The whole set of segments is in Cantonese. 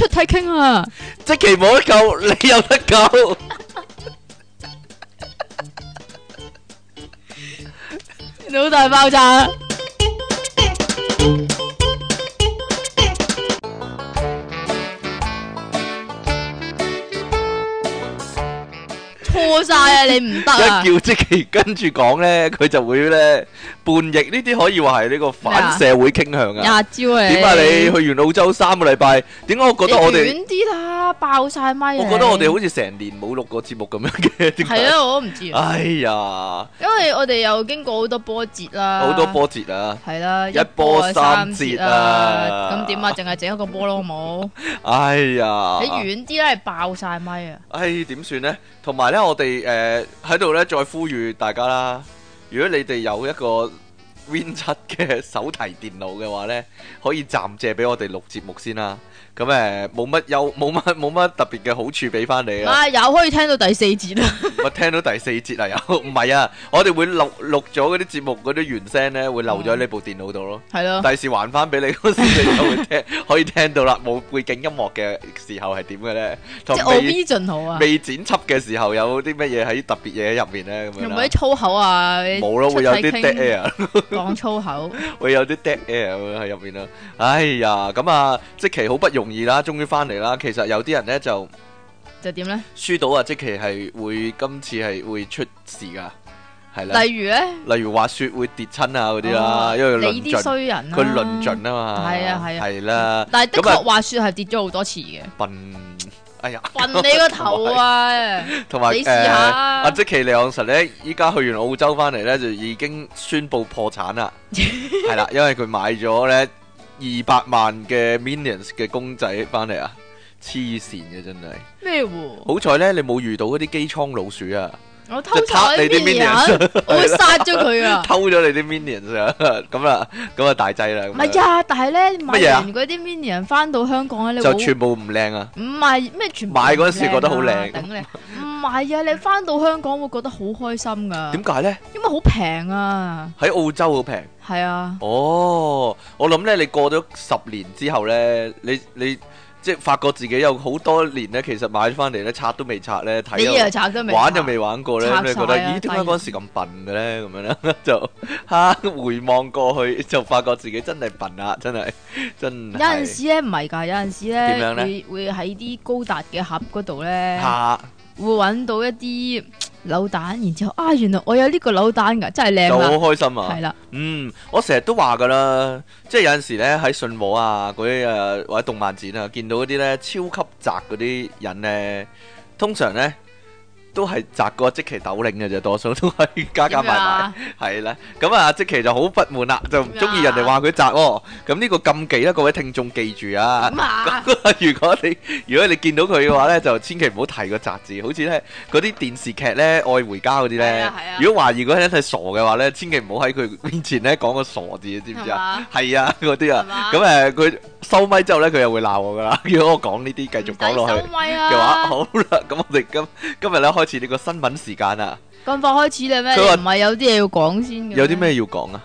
出體 king 啊！積淇冇得救，你有得救。電腦大爆炸，錯晒啊！你唔得啊！一叫積淇跟住講咧，佢就會咧。叛逆呢啲可以話係呢個反社會傾向啊！廿招點啊？你去完澳洲三個禮拜，點解我覺得我哋遠啲啦？爆晒咪咪啊！我覺得我哋好似成年冇錄過節目咁樣嘅。點解？係啊，我都唔知。哎呀，因為我哋又經過好多波折啦，好多波折啊，係啦，一波三折啊，咁點啊？淨係整一個波咯，好唔好？哎呀，你遠啲咧，係爆晒咪啊！哎，點算呢？同埋咧，我哋誒喺度咧，再呼籲大家啦。如果你哋有一個 Win 7嘅手提電腦嘅話呢，可以暫借俾我哋錄節目先啦。咁誒冇乜有冇乜冇乜特別嘅好處俾翻你啊！啊，又可以聽到第四節啦！我聽到第四節啊！又唔係啊！我哋會錄錄咗嗰啲節目嗰啲原聲咧，會留咗喺呢部電腦度咯。係咯。第時還翻俾你嗰時，你又會聽可以聽到啦。冇背景音樂嘅時候係點嘅咧？即係未進口啊！未剪輯嘅時候有啲乜嘢喺特別嘢喺入面咧？咁樣唔係粗口啊？冇咯，會有啲 dead air 講粗口，會有啲 dead air 喺入面咯。哎呀，咁啊，即其好不容易啦，終於翻嚟啦！其實有啲人咧就就點咧？輸到啊，即其係會今次係會出事噶，係啦。例如咧，例如滑雪會跌親啊嗰啲啦，因為你啲衰人佢論盡啊嘛，係啊係。係啦，但係的確滑雪係跌咗好多次嘅。笨哎呀！笨你個頭啊！同埋誒，阿即其離岸神咧，依家去完澳洲翻嚟咧就已經宣布破產啦，係啦，因為佢買咗咧。二百萬嘅 Minions 嘅公仔翻嚟啊！黐線嘅真係咩喎？好彩咧，你冇遇到嗰啲機艙老鼠啊！我偷走啲 minions，我會殺咗佢啊！偷咗你啲 minions，咁啊，咁啊大劑啦！唔係呀，但係咧，買完嗰啲 minions 翻到香港咧，就全部唔靚啊！唔係咩？全部買嗰陣時覺得好靚，唔係啊，你翻到香港會覺得好開心噶？點解咧？因為好平啊！喺澳洲好平，係啊！哦，我諗咧，你過咗十年之後咧，你你。即係發覺自己有好多年咧，其實買咗翻嚟咧，拆都未拆咧，睇拆未玩又未玩過咧，你咧覺得咦點解嗰陣時咁笨嘅咧？咁樣咧就嚇回望過去，就發覺自己真係笨啊！真係真有陣時咧唔係㗎，有陣時咧會會喺啲高達嘅盒嗰度咧嚇。會揾到一啲扭蛋，然之後啊，原來我有呢個扭蛋噶，真係靚啊！好開心啊！係啦了，嗯，我成日都話噶啦，即係有陣時咧喺信和啊啲誒、啊、或者動漫展啊見到啲咧超級宅嗰啲人咧，通常咧。都係砸個積淇斗令嘅啫，多數都係加加埋埋，係啦。咁啊，積淇就好不滿啦，就唔中意人哋話佢砸。咁呢個禁忌咧，各位聽眾記住啊。咁啊，如果你如果你見到佢嘅話咧，就千祈唔好提個砸字。好似咧嗰啲電視劇咧《愛回家》嗰啲咧，如果懷疑嗰人係傻嘅話咧，千祈唔好喺佢面前咧講個傻字，知唔知啊？係啊，嗰啲啊。咁誒，佢收咪之後咧，佢又會鬧我㗎啦。如果我講呢啲繼續講落去嘅話，好啦，咁我哋今今日咧。開始你個新聞時間啊，咁快開始啦咩？佢唔係有啲嘢要講先，有啲咩要講啊？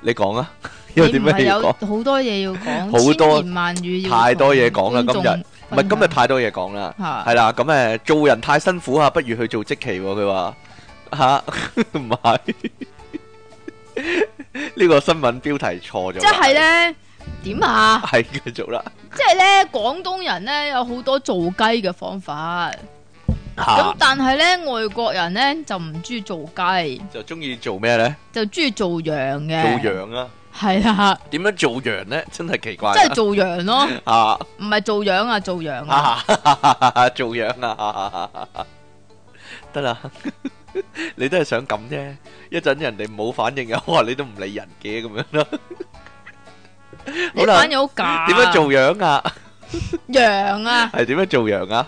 你講啊，因為點咩要講？好多嘢要講，千言萬語，多太多嘢講啦！今日唔係今日太多嘢講啦，係啦的，咁誒，做人太辛苦啊，不如去做積淇喎，哦。佢話吓，唔係呢個新聞標題錯咗，即係咧點啊？係繼續啦，即係咧廣東人咧有好多做雞嘅方法。咁但係咧，外國人咧就唔中意做雞，就中意做咩咧？就中意做羊嘅。做羊啊！係啊。點樣做羊咧？真係奇怪。即係做羊咯。啊！唔係做羊啊，做羊啊。做羊啊！得啦，你都係想咁啫。一陣人哋冇反應啊，我話你都唔理人嘅咁樣咯。好啦，反應好假。點樣做羊啊？羊啊？係點樣做羊啊？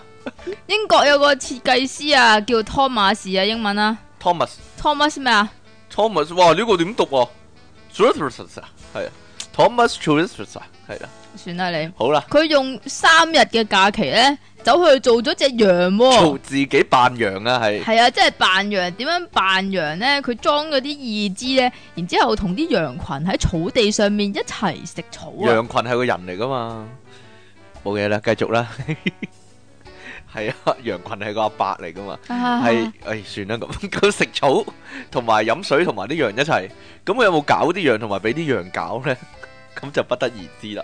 英國有個設計師啊，叫托馬斯啊，英文啊，Thomas，Thomas 咩 Thomas 啊？Thomas，哇呢、呢個點讀啊？Trousers、er、啊，係啊，Thomas trousers Th、er、啊，係啦，算啦你，好啦，佢用三日嘅假期咧，走去做咗隻羊、哦，做自己扮羊啊，係，係啊，即、就、係、是、扮羊，點樣扮羊咧？佢裝咗啲義肢咧，然之後同啲羊群喺草地上面一齊食草、啊、羊群係個人嚟噶嘛，冇嘢啦，繼續啦。 係啊， 羊群係個阿伯嚟噶嘛，係， 誒、哎，算啦咁，咁佢食草，同埋飲水，同埋啲羊一齊，咁佢有冇搞啲羊，同埋俾啲羊搞咧，咁 就不得而知啦。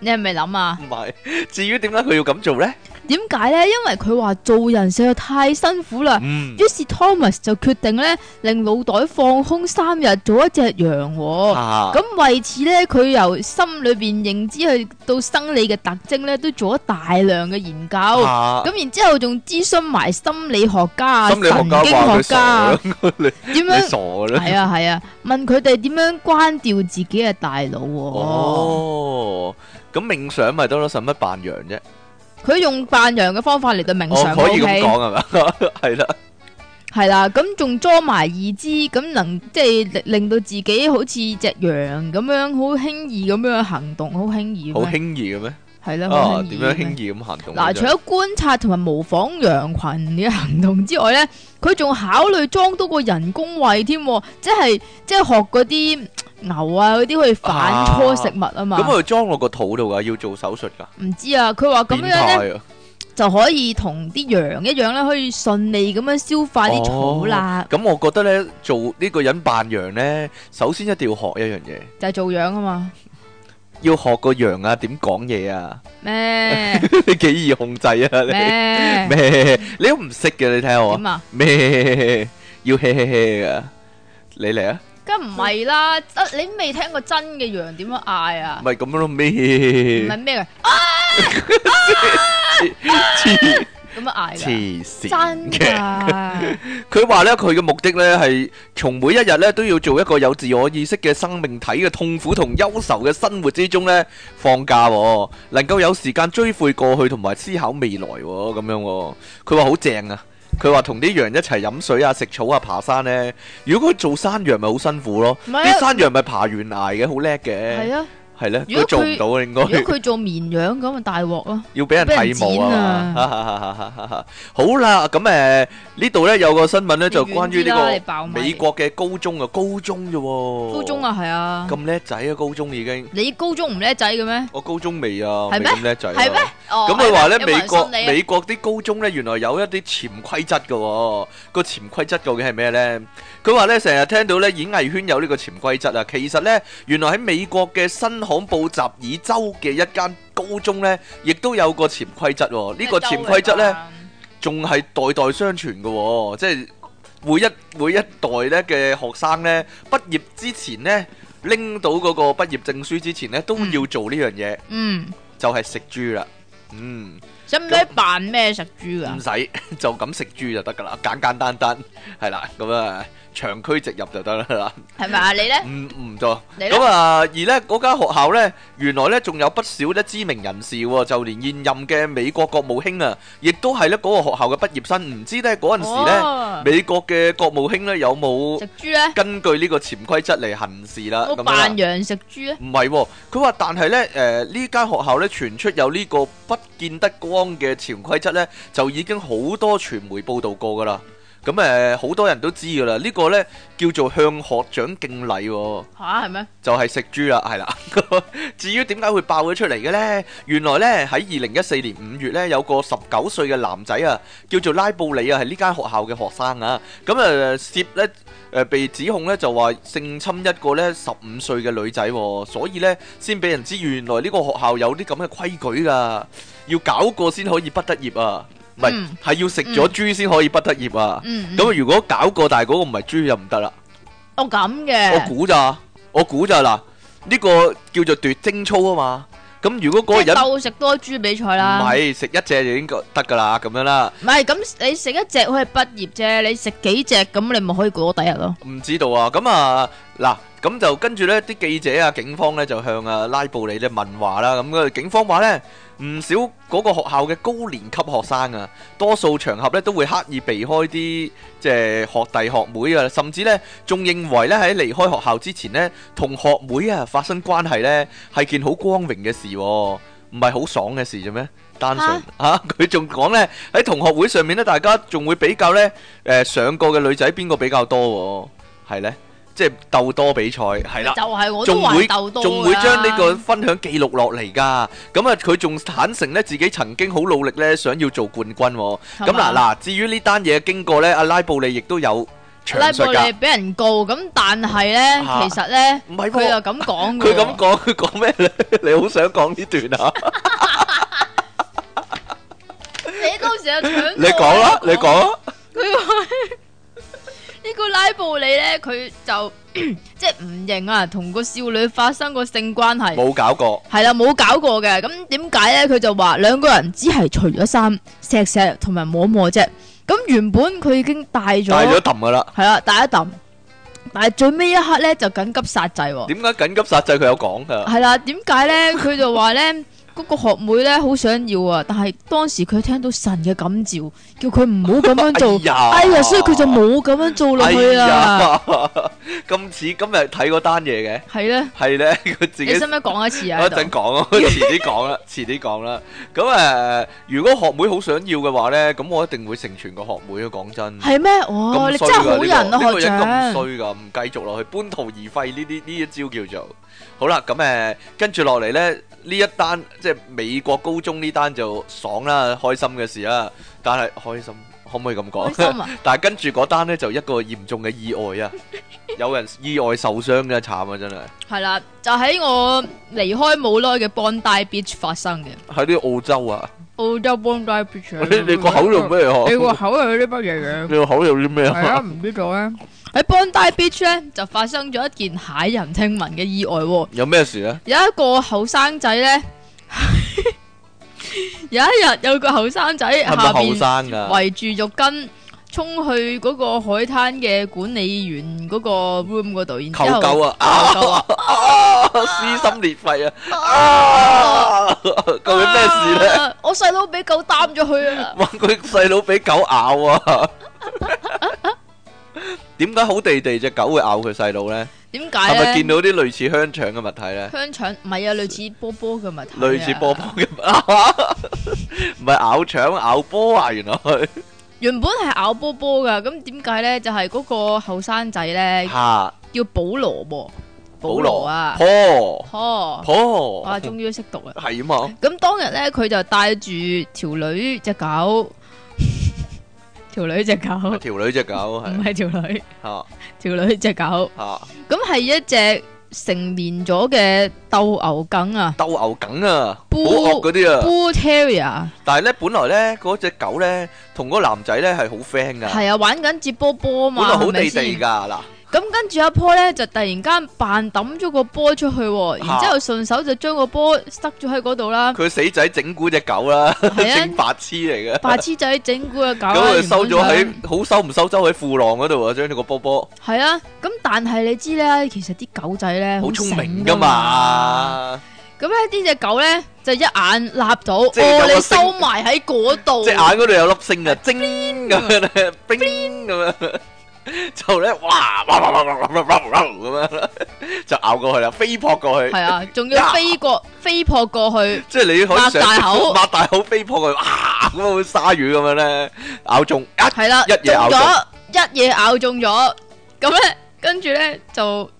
你係咪諗啊？唔係，至於點解佢要咁做咧？點解咧？因為佢話做人實在太辛苦啦。嗯。於是 Thomas 就決定咧，令腦袋放空三日做一隻羊喎。啊。咁為此咧，佢由心裏邊認知去到生理嘅特徵咧，都做咗大量嘅研究。吓、啊。咁然之後仲諮詢埋心理學家、心理學家神經學家。點 你樣？你傻啦？係啊係啊，啊，問佢哋點樣關掉自己嘅大腦。哦。咁冥想咪得囉，使乜扮羊啫，佢用扮羊嘅方法嚟到冥想，O、哦、可以咁講，係嘛，係啦，係啦，咁仲裝埋二支，咁能即係令到自己好似隻羊咁樣，好輕易咁樣行動，好輕易，好輕易嘅咩？係啦，點、 啊、樣輕易行動？嗱、啊，除咗觀察同埋模仿羊群嘅行動之外咧，佢仲考慮裝多個人工胃添，即係即係學嗰啲牛啊嗰啲去反芻食物啊嘛。咁佢裝落個肚度噶，要做手術噶？唔知啊，佢話咁樣咧、啊、就可以同啲羊一樣咧，可以順利咁樣消化啲草啦、啊。咁、嗯嗯嗯、我覺得咧，做呢個人扮羊咧，首先一定要學一樣嘢，就係做羊啊嘛。要學個羊啊，點講嘢啊？咩？你幾易控制啊？咩？咩？你都唔識嘅，你睇下我點啊？咩？要嘿嘿嘿嘅？你嚟啊？梗唔係啦，你未聽過真嘅羊點樣嗌啊？唔係咁樣咯咩？唔係咩㗎？黐線嘅，佢話呢，佢嘅目的呢，係從每一日呢，都要做一個有自我意識嘅生命體嘅痛苦同憂愁嘅生活之中呢，放假喎、哦，能夠有時間追悔過去同埋思考未來喎、哦，咁樣喎、哦，佢話好正啊，佢話同啲羊一齊飲水啊、食草啊、爬山呢。如果佢做山羊咪好辛苦咯，啲、啊、山羊咪爬完崖嘅，好叻嘅。係咧，如果做唔到，應該如果佢做綿羊咁啊，大鑊咯，要俾人剃毛啊！好啦，咁誒呢度咧有個新聞咧，就關於呢個美國嘅高中啊，高中啫，高中啊，係啊，咁叻仔啊，高中已經，你高中唔叻仔嘅咩？我高中未啊，未咁叻仔咯。咁佢話咧，美國美國啲高中咧，原來有一啲潛規則㗎，個潛規則究竟係咩咧？佢話咧，成日聽到咧演藝圈有呢個潛規則啊，其實咧，原來喺美國嘅新罕布什爾州嘅一間高中咧，亦都有個潛規則。呢個潛規則咧仲係代代相傳嘅，即係每一每一代咧嘅學生咧畢業之前咧拎到嗰個畢業證書之前咧都要做呢樣嘢，嗯，就係食豬啦，嗯，使唔使扮咩食豬噶？唔使，就咁食豬就得噶啦，簡簡單單係啦，咁啊。長驅直入就得啦，係咪啊？你咧？唔唔錯，咁啊，而咧嗰間學校咧，原來咧仲有不少啲知名人士喎，就連現任嘅美國國務卿啊，亦都係咧嗰個學校嘅畢業生。唔知咧嗰陣時咧，美國嘅國務卿咧有冇根據呢個潛規則嚟行事啦？我扮羊食豬啊！唔係，佢話但係咧，誒呢間學校咧傳出有呢個不見得光嘅潛規則咧，就已經好多傳媒報導過㗎啦。咁誒好多人都知噶啦，呢個呢叫做向學長敬禮喎，吓，係咩？就係食豬啦，係啦。至於點解會爆咗出嚟嘅呢？原來呢喺二零一四年五月呢，有個十九歲嘅男仔啊，叫做拉布里啊，係呢間學校嘅學生啊。咁誒涉呢誒被指控呢就話性侵一個呢十五歲嘅女仔，所以呢先俾人知原來呢個學校有啲咁嘅規矩噶，要搞過先可以畢得業啊。唔係，係、嗯、要食咗豬先可以畢得業啊！咁、嗯嗯、如果搞過但係嗰個唔係豬就唔得、哦、啦。哦，咁嘅。我估咋？我估咋嗱？呢個叫做奪精操啊嘛。咁如果嗰人鬥食多豬比賽啦，唔係食一隻就應該得噶啦，咁樣啦。唔係，咁你食一隻可以畢業啫，你食幾隻咁你咪可以攰多第一日咯。唔知道啊，咁啊嗱。咁就跟住咧，啲記者啊，警方咧就向啊拉布利咧問話啦。咁咧，警方話咧，唔少嗰個學校嘅高年級學生啊，多數場合咧都會刻意避開啲即係學弟學妹啊，甚至咧仲認為咧喺離開學校之前咧，同學妹啊發生關係咧係件好光榮嘅事，唔係好爽嘅事啫咩？單純嚇佢仲講咧喺同學會上面咧，大家仲會比較咧誒上過嘅女仔邊個比較多係咧？即係鬥多比賽係啦，仲會鬥多，仲會將呢個分享記錄落嚟噶。咁啊，佢仲坦承咧，自己曾經好努力咧，想要做冠軍。咁嗱嗱，至於呢單嘢經過咧，阿拉布利亦都有詳述噶。阿拉布利俾人告咁，但係咧，其實咧，唔係佢又咁講嘅。佢咁講，佢講咩咧？你好想講呢段啊？你到時候搶，你講啦，你講。佢話。呢個拉布里咧，佢就即係唔認啊，同個少女發生過性關係，冇搞過，係啦，冇搞過嘅。咁點解咧？佢就話兩個人只係除咗衫、錫錫同埋摸摸啫。咁原本佢已經戴咗，戴咗揼噶啦，係啦，戴一揼。但係最尾一刻咧，就緊急殺制。點解緊急殺制？佢有講噶。係啦，點解咧？佢就話咧。嗰個學妹咧好想要啊，但係當時佢聽到神嘅感召，叫佢唔好咁樣做， 哎，呀哎呀，所以佢就冇咁樣做落去啦。咁似、哎、今日睇嗰單嘢嘅，係咧呢，係咧，佢自己。你使唔使講一次啊？我一陣講啊，遲啲講啦，遲啲講啦。咁誒，如果學妹好想要嘅話咧，咁我一定會成全個學妹啊！講真。係咩？哦，你真係好人啊，這個、學長。衰咁，唔繼續落去，半途而廢呢啲呢一招叫做。好啦，咁誒，跟住落嚟咧。嗯嗯。呢一單即係美國高中呢單就爽啦，開心嘅事啦，但係開心可唔可以咁講？但係跟住嗰單咧就一個嚴重嘅意外啊！有人意外受傷嘅，慘啊真係。係啦，就喺我離開冇耐嘅 Bondi Beach 發生嘅。喺呢個澳洲啊，澳洲 Bondi Beach。你你個口有咩學？你個口有啲乜嘢樣？你個口有啲咩學？係啊，唔知講咩。喺 Bondi Beach 咧，就發生咗一件駭人聽聞嘅意外。有咩事咧？有一個後生仔咧，有一日有個後生仔下邊圍住浴巾沖去嗰個海灘嘅管理員嗰個 room 嗰度，然之後咬狗啊，撕心裂肺啊！究竟咩事咧？我細佬俾狗擔咗佢啊！話佢細佬俾狗咬啊！點解好地地隻狗會咬佢細佬咧？點解咧？係咪見到啲類似香腸嘅物體咧？香腸唔係啊，類似波波嘅物體。類似波波嘅物，唔係咬腸咬波啊！原來佢原本係咬波波噶。咁點解咧？就係嗰個後生仔咧，叫保羅，保羅啊，保羅，保羅，保羅，啊，終於識讀啦。係啊嘛。咁當日咧，佢就帶住條女隻狗。條女隻狗，條女隻狗係，唔係條女，吓，條女隻狗，吓，咁係一隻成年咗嘅鬥牛梗啊，鬥牛梗啊，好惡嗰啲啊，bull terrier。但係咧，本來咧嗰隻狗咧，同嗰個男仔咧係好 friend 噶，係啊，玩緊接波波嘛，本來好地地噶嗱。咁跟住阿波咧，就突然間扮抌咗個波出去，啊、然之後順手就將個波塞咗喺嗰度啦。佢死仔整蠱隻狗啦，整白痴嚟嘅。白痴仔整蠱個狗。佢收咗喺好收唔收周喺褲浪嗰度啊，將呢個波波。係啊，咁但係你知啦，其實啲狗仔咧好聰明噶嘛。咁咧呢隻狗咧就一眼擸到，哦，你收埋喺嗰度。隻眼嗰度有粒星啊，精咁樣，冰咁樣。笑聽笑聽 嗯就咧，哇哇哇哇哇哇哇咁樣，就咬過去啦，飛撲過去。係啊，仲要飛過，啊、飛撲過去。即係 你可以擘大口，擘大口飛撲過去，哇、啊！咁樣鯊魚咁樣咧，咬中。係啦，啊、一嘢咬中，一嘢咬中咗。咁咧，跟住咧就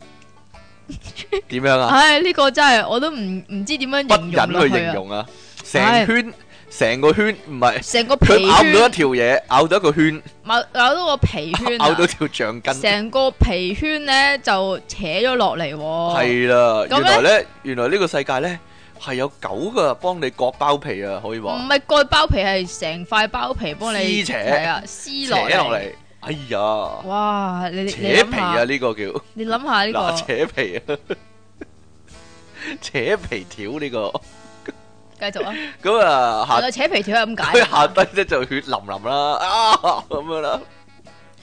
點 樣啊？唉、 哎，呢、這個真係我都唔唔知點樣形容落去啊！成圈、哎。成個圈唔係，成個皮佢咬到一條嘢，咬到一個圈，咬，咬到個皮圈咬到條橡筋，成個皮圈咧就扯咗落嚟。係啦，原來咧，原來呢個世界咧係有狗噶，幫你割包皮啊，可以話。唔係割包皮，係成塊包皮幫你撕扯啊，撕落嚟。哎呀，哇！你哋扯皮啊呢個叫。你諗下呢個扯皮，扯皮條呢個。繼續啊！咁啊，扯皮條又點解？佢下低咧就血淋淋啦，啊咁樣啦。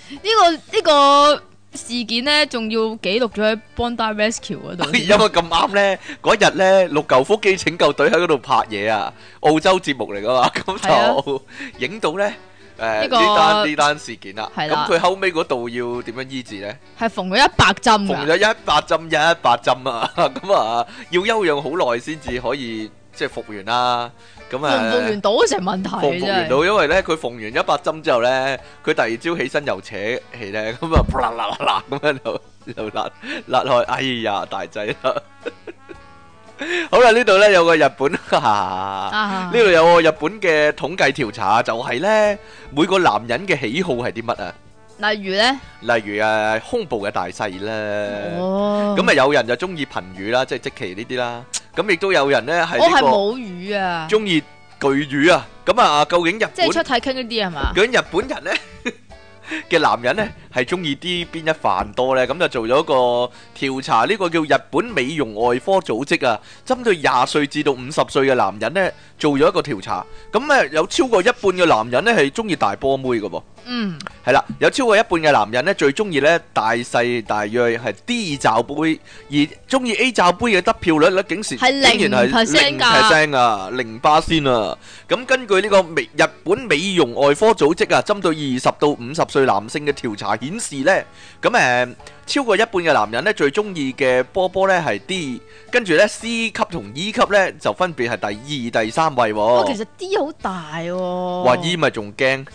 呢個呢個事件咧，仲要記錄咗喺 Bondi Rescue 嗰度。因為咁啱咧，嗰日咧六舊腹肌拯救隊喺嗰度拍嘢啊，澳洲節目嚟噶嘛。咁就影到咧誒呢單呢單事件啊。咁佢後尾嗰度要點樣醫治咧？係縫咗一百針，縫咗一百針，一百針啊！咁啊，要休養好耐先至可以。即係復原啦，咁啊！復原到成問題，復復原到，因為咧佢縫完一百針之後咧，佢第二朝起身又扯起咧，咁啊，噗啦啦啦咁樣又又甩甩開，哎呀大仔啦！好啦，呢度咧有個日本，呢度有個日本嘅統計調查，就係咧每個男人嘅喜好係啲乜啊？例如咧，例如誒胸部嘅大細咧，咁咪有人就中意貧乳啦，即係即其呢啲啦。咁亦都有人咧係我係母乳啊，中意巨乳啊。咁啊，究竟日即係出體 King 呢啲係嘛？咁究竟日本人咧嘅男人咧係中意啲邊一範多咧？咁就做咗一個調查，呢個叫日本美容外科組織啊，針對廿歲至到五十歲嘅男人咧做咗一個調查。咁誒有超過一半嘅男人咧係中意大波妹嘅喎。嗯，係啦，有超過一半嘅男人咧最中意咧大細大約係 D 罩杯，而中意 A 罩杯嘅得票率率竟然係零 percent 零巴仙啊！咁、啊、根據呢個美日本美容外科組織啊，針對二十到五十歲男性嘅調查顯示咧，咁誒、嗯、超過一半嘅男人咧最中意嘅波波咧係 D，跟住咧 C 級同 E 級咧就分別係第二、第三位哦。哦，其實 D 好大喎、哦，哇 E 咪仲驚。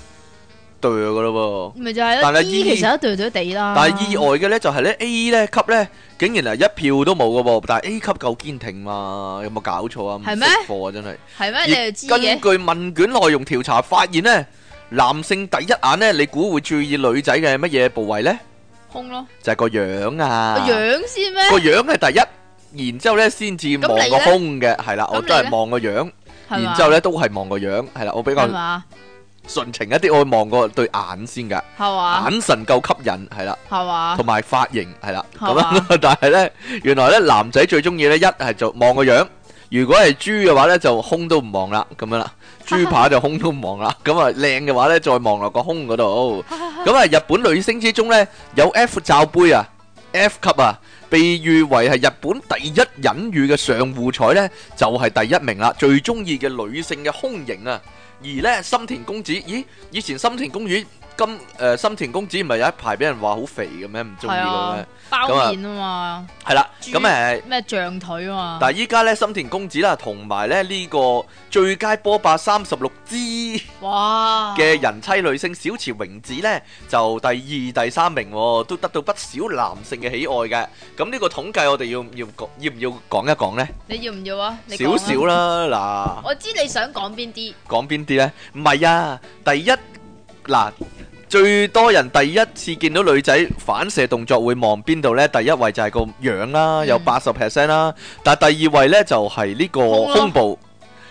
對嘅咯噃，但係 A 其實一對對地啦。但係意外嘅咧就係咧 A 咧級咧竟然係一票都冇嘅噃，但係 A 級夠堅挺嘛？有冇搞錯啊？係咩？貨啊真係。係咩？你又知嘅？根據問卷內容調查發現咧，男性第一眼咧，你估會注意女仔嘅乜嘢部位咧？胸咯。就係個樣啊。個樣先咩？個樣係第一，然之後咧先至望個胸嘅。係啦，我都係望個樣。係啦。然之後咧都係望個樣。係啦，我比較。純情一啲，我望過對眼先㗎，眼神夠吸引，係啦，係嘛，同埋髮型係啦，咁啊，但係咧，原來咧，男仔最中意咧，一係就望個樣，如果係豬嘅話咧，就胸都唔望啦，咁樣啦，豬扒就胸都唔望啦，咁啊靚嘅話咧，再望落個胸嗰度，咁啊日本女星之中咧，有 F 罩杯啊，F 級啊，被譽為係日本第一隱喻嘅上戶彩咧，就係第一名啦，最中意嘅女性嘅胸型啊！而呢，森田公子，咦？以前森田公園。今誒，深田恭子唔係有一排俾人話好肥嘅咩？唔中意佢咩？包面啊嘛，係啦，咁誒咩象腿啊嘛。但係依家咧，深田恭子啦，同埋咧呢個最佳波霸三十六支哇嘅人妻女性小池榮子咧，就第二第三名，都得到不少男性嘅喜愛嘅。咁呢個統計，我哋要唔要講，要唔要講一講咧？你要唔要啊？少少啦，嗱，我知你想講邊啲？講邊啲咧？唔係啊，第一嗱。最多人第一次見到女仔反射動作會望邊度呢？第一位就係個樣啦、啊，嗯、有八十 percent 啦。但係第二位呢，就係、是、呢個胸部，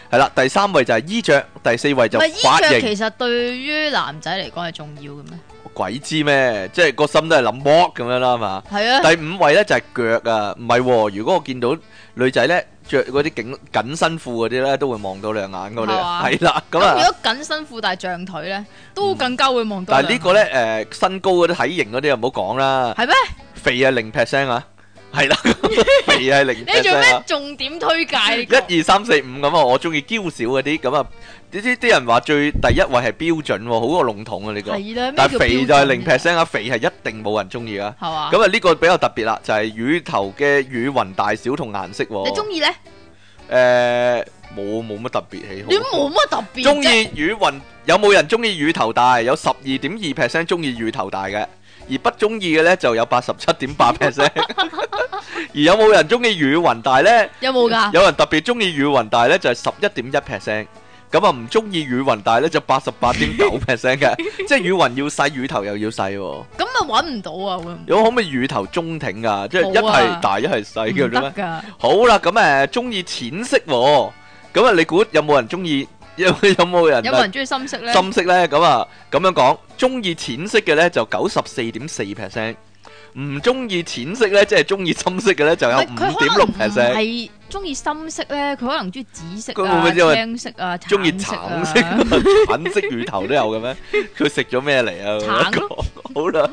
係啦、嗯啊。第三位就係衣着，第四位就髮型。衣其實對於男仔嚟講係重要嘅咩？鬼知咩？即係個心都係諗剝咁樣啦嘛。係啊。第五位呢，就係、是、腳啊，唔係、啊。如果我見到女仔呢，着嗰啲緊緊身褲嗰啲咧，都會望到兩眼嗰啲，係啦咁啊。就是、如果緊身褲大象腿咧，都更加會望到、嗯。但係呢個咧誒，身高嗰啲體型嗰啲又唔好講啦。係咩嗎？肥啊零 percent 啊！係啦，肥係零 percent。你做咩重點推介？一二三四五咁啊，我中意嬌小嗰啲咁啊。啲啲啲人話最第一位係標準，好過籠統啊呢個。但係肥就係零 percent 啊，肥係一定冇人中意啊。係嘛？咁啊呢個比較特別啦，就係魚頭嘅魚雲大小同顏色。你中意咧？誒，冇冇乜特別喜好。你都冇乜特別。中意魚雲，有冇人中意魚頭大？有十二點二 percent 中意魚頭大嘅。而不中意嘅咧就有八十七點八 percent，而有冇人中意乳暈大咧？有冇噶？有人特別中意乳暈大咧就係十一點一 percent，咁啊唔中意乳暈大咧就八十八點九 percent 嘅， 即係乳暈要細，乳頭又要細、啊。咁啊揾唔到啊，會。有可唔可以乳頭中挺噶、啊？啊、即係一係大一係細嘅咧？好啦、啊，咁誒中意淺色、啊，咁啊你估有冇人中意？有有冇人？有冇人中意深色咧？深色咧咁啊，咁樣講，中意淺色嘅咧就九十四點四 percent，唔中意淺色咧，即係中意深色嘅咧就有五點六 percent。係中意深色咧，佢可能中意紫色啊、青色啊、中意橙色、粉色魚頭都有嘅咩？佢食咗咩嚟啊？橙，好啦。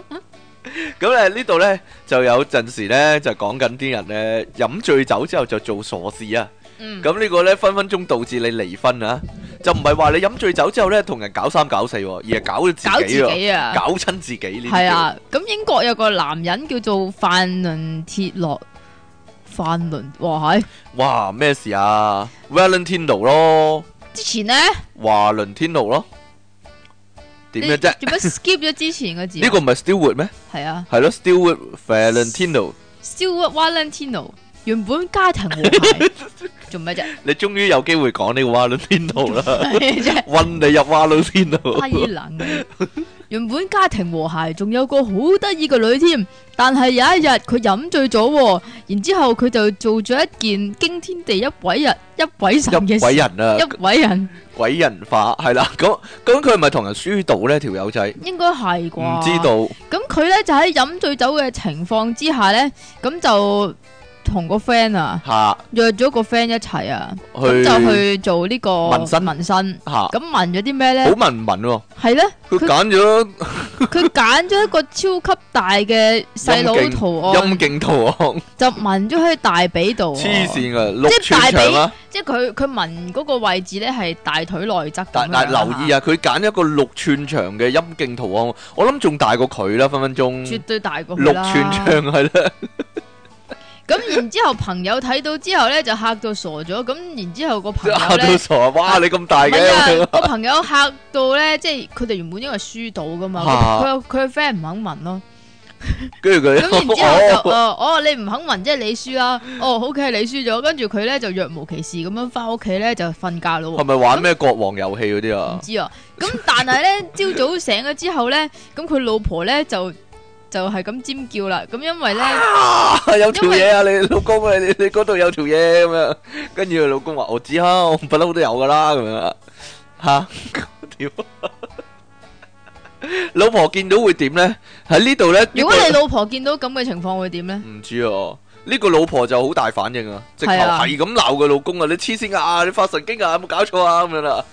咁咧呢度咧就有陣時咧就講緊啲人咧飲醉酒之後就做傻事啊。咁呢個咧分分鐘導致你離婚啊！就唔係話你飲醉酒之後咧同人搞三搞四，而係搞咗自己啊，搞親自己。係啊，咁英國有個男人叫做范倫鐵諾，范倫哇係，哇咩事啊？Valentino 咯，之前咧，華倫天奴咯，點嘅啫？點樣 skip 咗之前嘅字？呢個唔係 Stewart 咩？係啊，係咯，Stewart Valentino，Stewart Valentino。原本家庭和諧，做咩啫？你終於有機會講呢個《瓦魯天奴》啦，運你入《瓦魯天奴》。好冷嘅。原本家庭和諧，仲有個好得意嘅女添，但係有一日佢飲醉咗，然之後佢就做咗一件驚天地一鬼日一鬼神嘅事。一鬼人啊！一鬼人，鬼人化係啦。咁咁佢係咪同人輸導？咧條友仔應該係啩？唔知道。咁佢咧就喺飲醉酒嘅情況之下咧，咁就。同個 friend 啊，約咗個 friend 一齊啊，咁就去做呢個紋身。紋身吓，咁紋咗啲咩咧？好文唔文喎，係咧，佢揀咗，佢揀咗一個超級大嘅細佬圖案，陰莖圖案，就紋咗喺大髀度。黐線噶，六寸長啦，即大髀，即係佢佢紋嗰個位置咧係大腿內側。但但留意啊，佢揀咗一個六寸長嘅陰莖圖案，我諗仲大過佢啦，分分鐘，絕對大過佢，六寸長係啦。咁然之後朋友睇到之後咧就嚇到傻咗，咁然之後，然後個朋友咧嚇到傻啊！哇你咁大嘅了 個朋友嚇到咧，即係佢哋原本因為輸到噶嘛，佢佢個 friend 唔肯聞咯。跟住佢咁然之後就，哦，哦，你唔肯聞即係你輸啊。」哦，好 OK，你輸咗，跟住佢咧就若無其事咁樣翻屋企咧就瞓覺咯。係咪玩咩國王遊戲嗰啲啊？唔、嗯、唔知啊。咁但係咧朝早醒咗之後咧，咁佢老婆咧就。就係咁尖叫啦，咁因為咧有條嘢，啊，你老公啊，你你嗰度有條嘢咁樣，跟住佢老公話我知啊，我不嬲都有噶啦咁樣。吓，屌，老婆見到會點咧？喺呢度咧，如果你老婆見到咁嘅情況會點咧？唔知哦，呢個老婆就好大反應啊，直頭係咁鬧佢老公啊，你黐線噶，你發神經啊，有冇搞錯啊咁樣啦，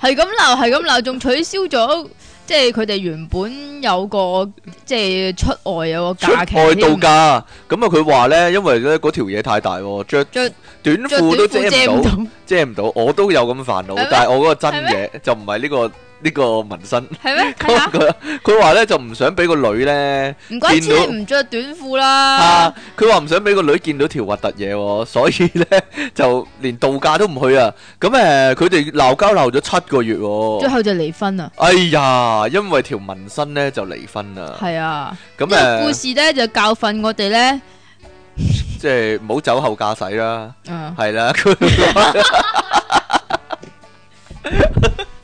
係咁鬧，係咁鬧，仲取消咗。即係佢哋原本有個即係出外有個假期，出外度假。咁啊行，佢話咧，因為咧嗰條嘢太大喎，着穿短褲都遮唔到，遮唔到。 我都有咁煩惱，嗎但係我嗰個真嘢嗎就唔係呢個。呢個紋身係咩？佢佢話咧就唔想俾個女咧見到唔着短褲啦。啊！佢話唔想俾個女見到條核突嘢，所以咧就連度假都唔去啊！咁誒，佢哋鬧交鬧咗七個月，最後就離婚啊。哎呀，因為條紋身咧就離婚啦。係啊，咁誒，故事咧就教訓我哋咧，即係唔好酒後駕駛啦。嗯，係啦。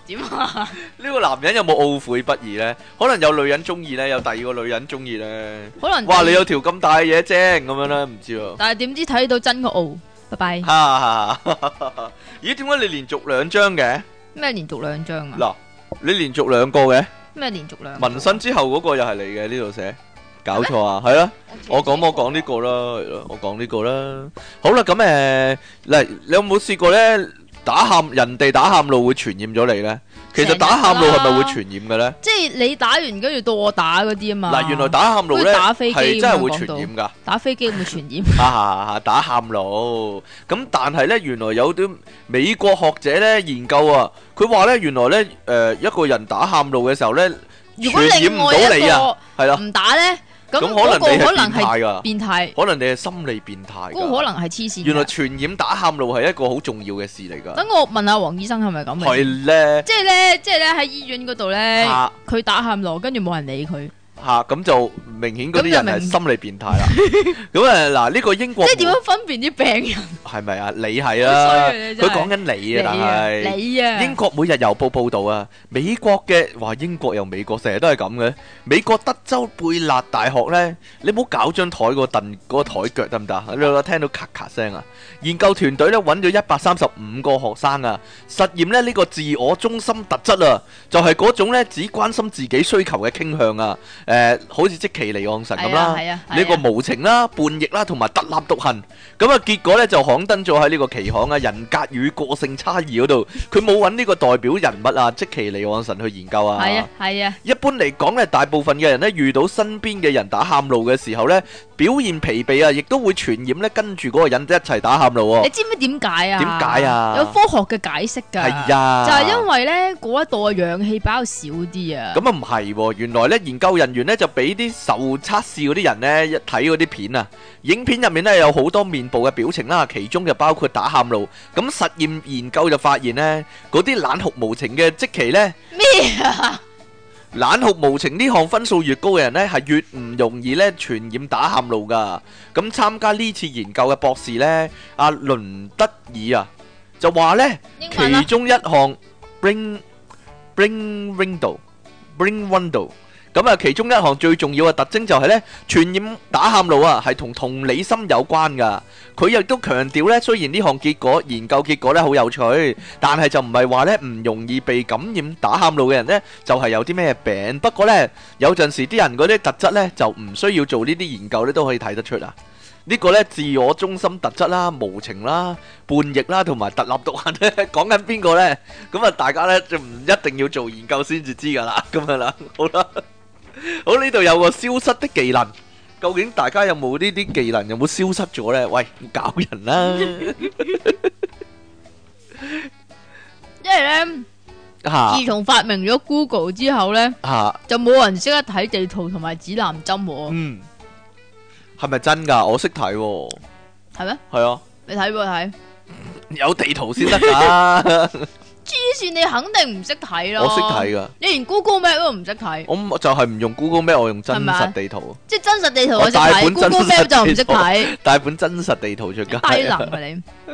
點啊？呢個男人有冇懊悔不已咧？可能有女人中意咧，有第二個女人中意咧。可能哇，你有條咁大嘅嘢啫，咁樣咧，唔知啊。但係點知睇到真個懊，拜拜。吓，咦？點解你連續兩張嘅？咩連續兩張啊？嗱，你連續兩個嘅？咩連續兩？紋身之後嗰個又係你嘅呢度寫？搞錯啊？係啊，我講我講呢個啦，我講呢個啦。好啦，咁誒，嗱，你有冇試過咧？打喊人哋打喊路會傳染咗你咧？其實打喊路係咪會傳染嘅咧？即係你打完跟住到我打嗰啲啊嘛。嗱、啊，原來打喊路咧，打飛機、係真係會傳染噶。打飛機會傳染。吓吓打、， 啊、打喊路咁，但係咧原來有啲美國學者咧研究啊，佢話咧原來咧誒、呃、一個人打喊路嘅時候咧傳染唔到你啊，係啦，唔打咧。咁嗰個可能係變態，可能你係心理變態。嗰個可能係黐線。原來傳染打喊路係一個好重要嘅事嚟噶。等我問下黃醫生係咪咁嚟？係咧，即係咧，即係咧，喺醫院嗰度咧，佢、啊、打喊路，跟住冇人理佢。吓、啊，咁、啊、就。明顯嗰啲人係心理變態啦。咁誒嗱，呢個英國即係點樣分辨啲病人係咪啊？你係啊，佢講緊你啊，但係你啊英國每日郵報報道啊，美國嘅話英國又美國，成日都係咁嘅。美國德州貝納大學咧，你唔好搞張台個凳嗰個台腳得唔得啊？你有聽到咔咔聲啊？研究團隊咧揾咗一百三十五個學生啊，實驗咧呢個自我中心特質啊，就係嗰種咧只關心自己需求嘅傾向啊。誒，好似即其。奇尼安神咁啦，呢、哎、個無情啦、叛逆啦，同埋特立獨行，咁啊結果呢就刊登咗喺呢個期刊啊人格與個性差異嗰度，佢冇揾呢個代表人物啊，即奇尼安神去研究啊。係啊、哎，係啊。一般嚟講咧，大部分嘅人呢，遇到身邊嘅人打喊路嘅時候呢。表現疲憊啊，亦都會傳染咧，跟住嗰個人一齊打喊路喎、啊！你知唔知點解啊？點解啊？有科學嘅解釋㗎。係啊，就係因為咧嗰一度嘅氧氣比較少啲啊。咁啊唔係喎，原來咧，研究人員咧就俾啲受測試嗰啲人咧一睇嗰啲片啊，影片入面咧有好多面部嘅表情啦，其中就包括打喊路。咁實驗研究就發現咧，嗰啲冷酷無情嘅即其咧咩？冷酷無情呢項分數越高嘅人呢，係越唔容易呢傳染打喊路㗎。咁參加呢次研究嘅博士呢，阿、啊、倫德爾啊就話呢、啊、其中一項 bring bring window bring window。咁啊，其中一項最重要嘅特徵就係咧，傳染打喊路啊，係同同理心有關噶。佢亦都強調咧，雖然呢項結果研究結果咧好有趣，但係就唔係話咧唔容易被感染打喊路嘅人咧就係有啲咩病。不過咧，有陣時啲人嗰啲特質咧就唔需要做呢啲研究咧都可以睇得出啊。呢個咧自我中心特質啦、無情啦、叛逆啦同埋特立獨行，講緊邊個咧？咁啊，大家咧就唔一定要做研究先至知噶啦，咁樣啦，好啦。好，呢度有個消失的技能，究竟大家有冇呢啲技能，有冇消失咗咧？喂，搞人啦！因為咧，自從發明咗 Google 之後咧，就冇人識得睇地圖同埋指南針喎。嗯，係咪真噶？我識睇喎。係咩？係啊，你睇過睇。有地圖先得噶。黐線，你肯定唔識睇咯！我識睇㗎，你連 Google Map 都唔識睇。我就係唔用 Google Map，我用真實地圖。即係真實地圖我，我識睇，Google Map 就唔識睇。我帶本真實地圖出街。低能啊你！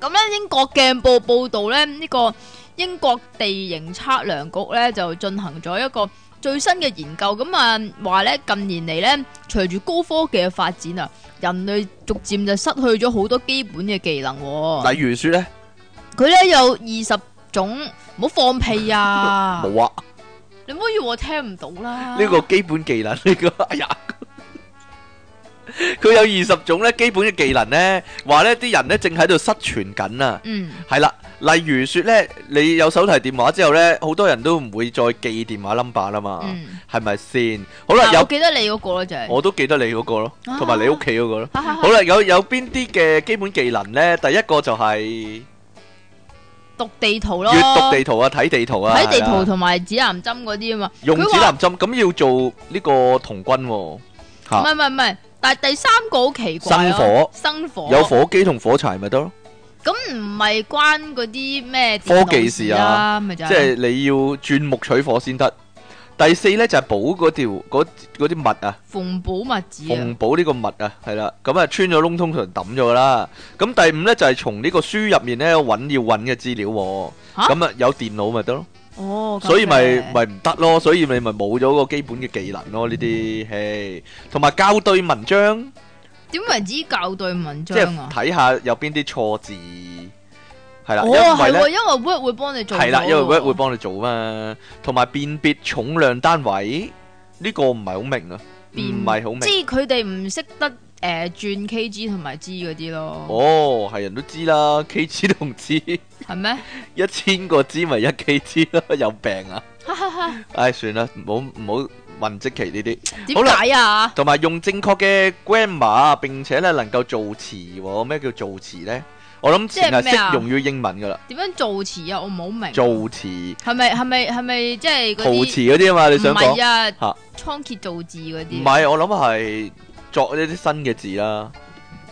咁咧 英國鏡報報導咧，呢個英國地形測量局咧就進行咗一個最新嘅研究。咁啊話咧近年嚟咧，隨住高科技嘅發展啊，人類逐漸就失去咗好多基本嘅技能。例如説咧，佢咧有二十種。唔好放屁啊！冇啊！你唔好以為我聽唔到啦。呢個基本技能呢、呢個，哎呀，佢有二十種咧，基本嘅技能咧，話呢啲人咧正喺度失傳緊啊。嗯，係啦，例如說咧，你有手提電話之後咧，好多人都唔會再記電話 number 啦嘛。嗯，係咪先？好啦，嗯、有記得你嗰個咯就係。我都記得你嗰個咯，同埋，啊，你屋企嗰個咯。啊啊啊，好啦，有有邊啲嘅基本技能咧？第一個就係、是。讀地圖咯，閱讀地圖啊，睇地圖啊，睇地圖同埋指南針嗰啲啊嘛。用指南針咁說要做呢個童軍、啊，唔係唔係唔係，但係第三個好奇怪、啊。生火，生火，有火機同火柴咪得咯。咁唔係關嗰啲咩科技事啊，即係、啊、你要鑽木取火先得。第四咧就係補嗰條嗰啲物啊，縫補物紙、啊，縫補呢個物啊，係啦，咁啊穿咗窿通常抌咗啦。咁第五咧就係從呢個書入面咧揾要揾嘅資料、啊，咁啊哈有電腦咪得咯，所以咪咪唔得咯，所以咪咪冇咗個基本嘅技能咯呢啲，誒，同埋校對文章，點為之校對文章？睇下有邊啲錯字。係啦，哦、因為咧，了因為會幫你做。係啦，因為 Word 會幫你做嘛，同埋辨別重量單位，呢、這個唔係好明啊，唔係好明。知佢哋唔識得誒，轉 kg 同埋 g 嗰啲咯。哦，係人都知啦，kg 都唔知，係咩嗎？ 一千個 g 咪一 kg 咯，有病啊！唉、 哎，算啦，唔好問積淇呢啲。點解啊？同埋用正確嘅 grammar，並且咧能夠造詞。咩叫造詞咧？我諗即係識用於英文噶啦。點樣造詞啊？我唔好明。造詞係咪係咪係咪即係嗰啲？陶瓷嗰啲啊嘛，你想講？唔係啊，倉頡、啊、造字嗰啲。唔係，我諗係作一啲新嘅字啦，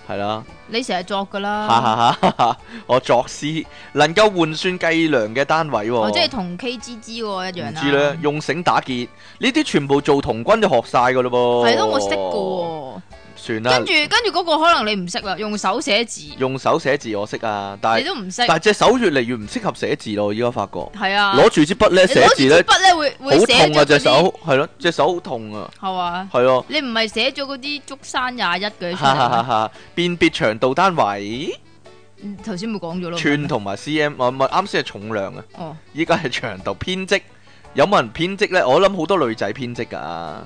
係啦。你成日作噶啦。 我作詩，能夠換算計量嘅單位、啊。哦，即係同 KGG、啊、一樣啦、啊。用繩打結呢啲全部做童軍就學晒噶咯噃。係咯，我識噶。跟住跟住嗰個可能你唔識啦，用手寫字。用手寫字我識啊，但係你都唔識。但係隻手越嚟越唔適合寫字咯，我依家發覺。係啊，攞住支筆咧寫字咧，筆咧會會好痛啊！隻手係咯，隻手好痛啊。係啊，係啊。你唔係寫咗嗰啲竹山廿一嘅？係係係係。辨別長度單位，頭先咪講咗咯。寸同埋 cm，唔唔，啱先係重量啊。哦。依家係長度編織，有冇人編織咧？我諗好多女仔編織噶。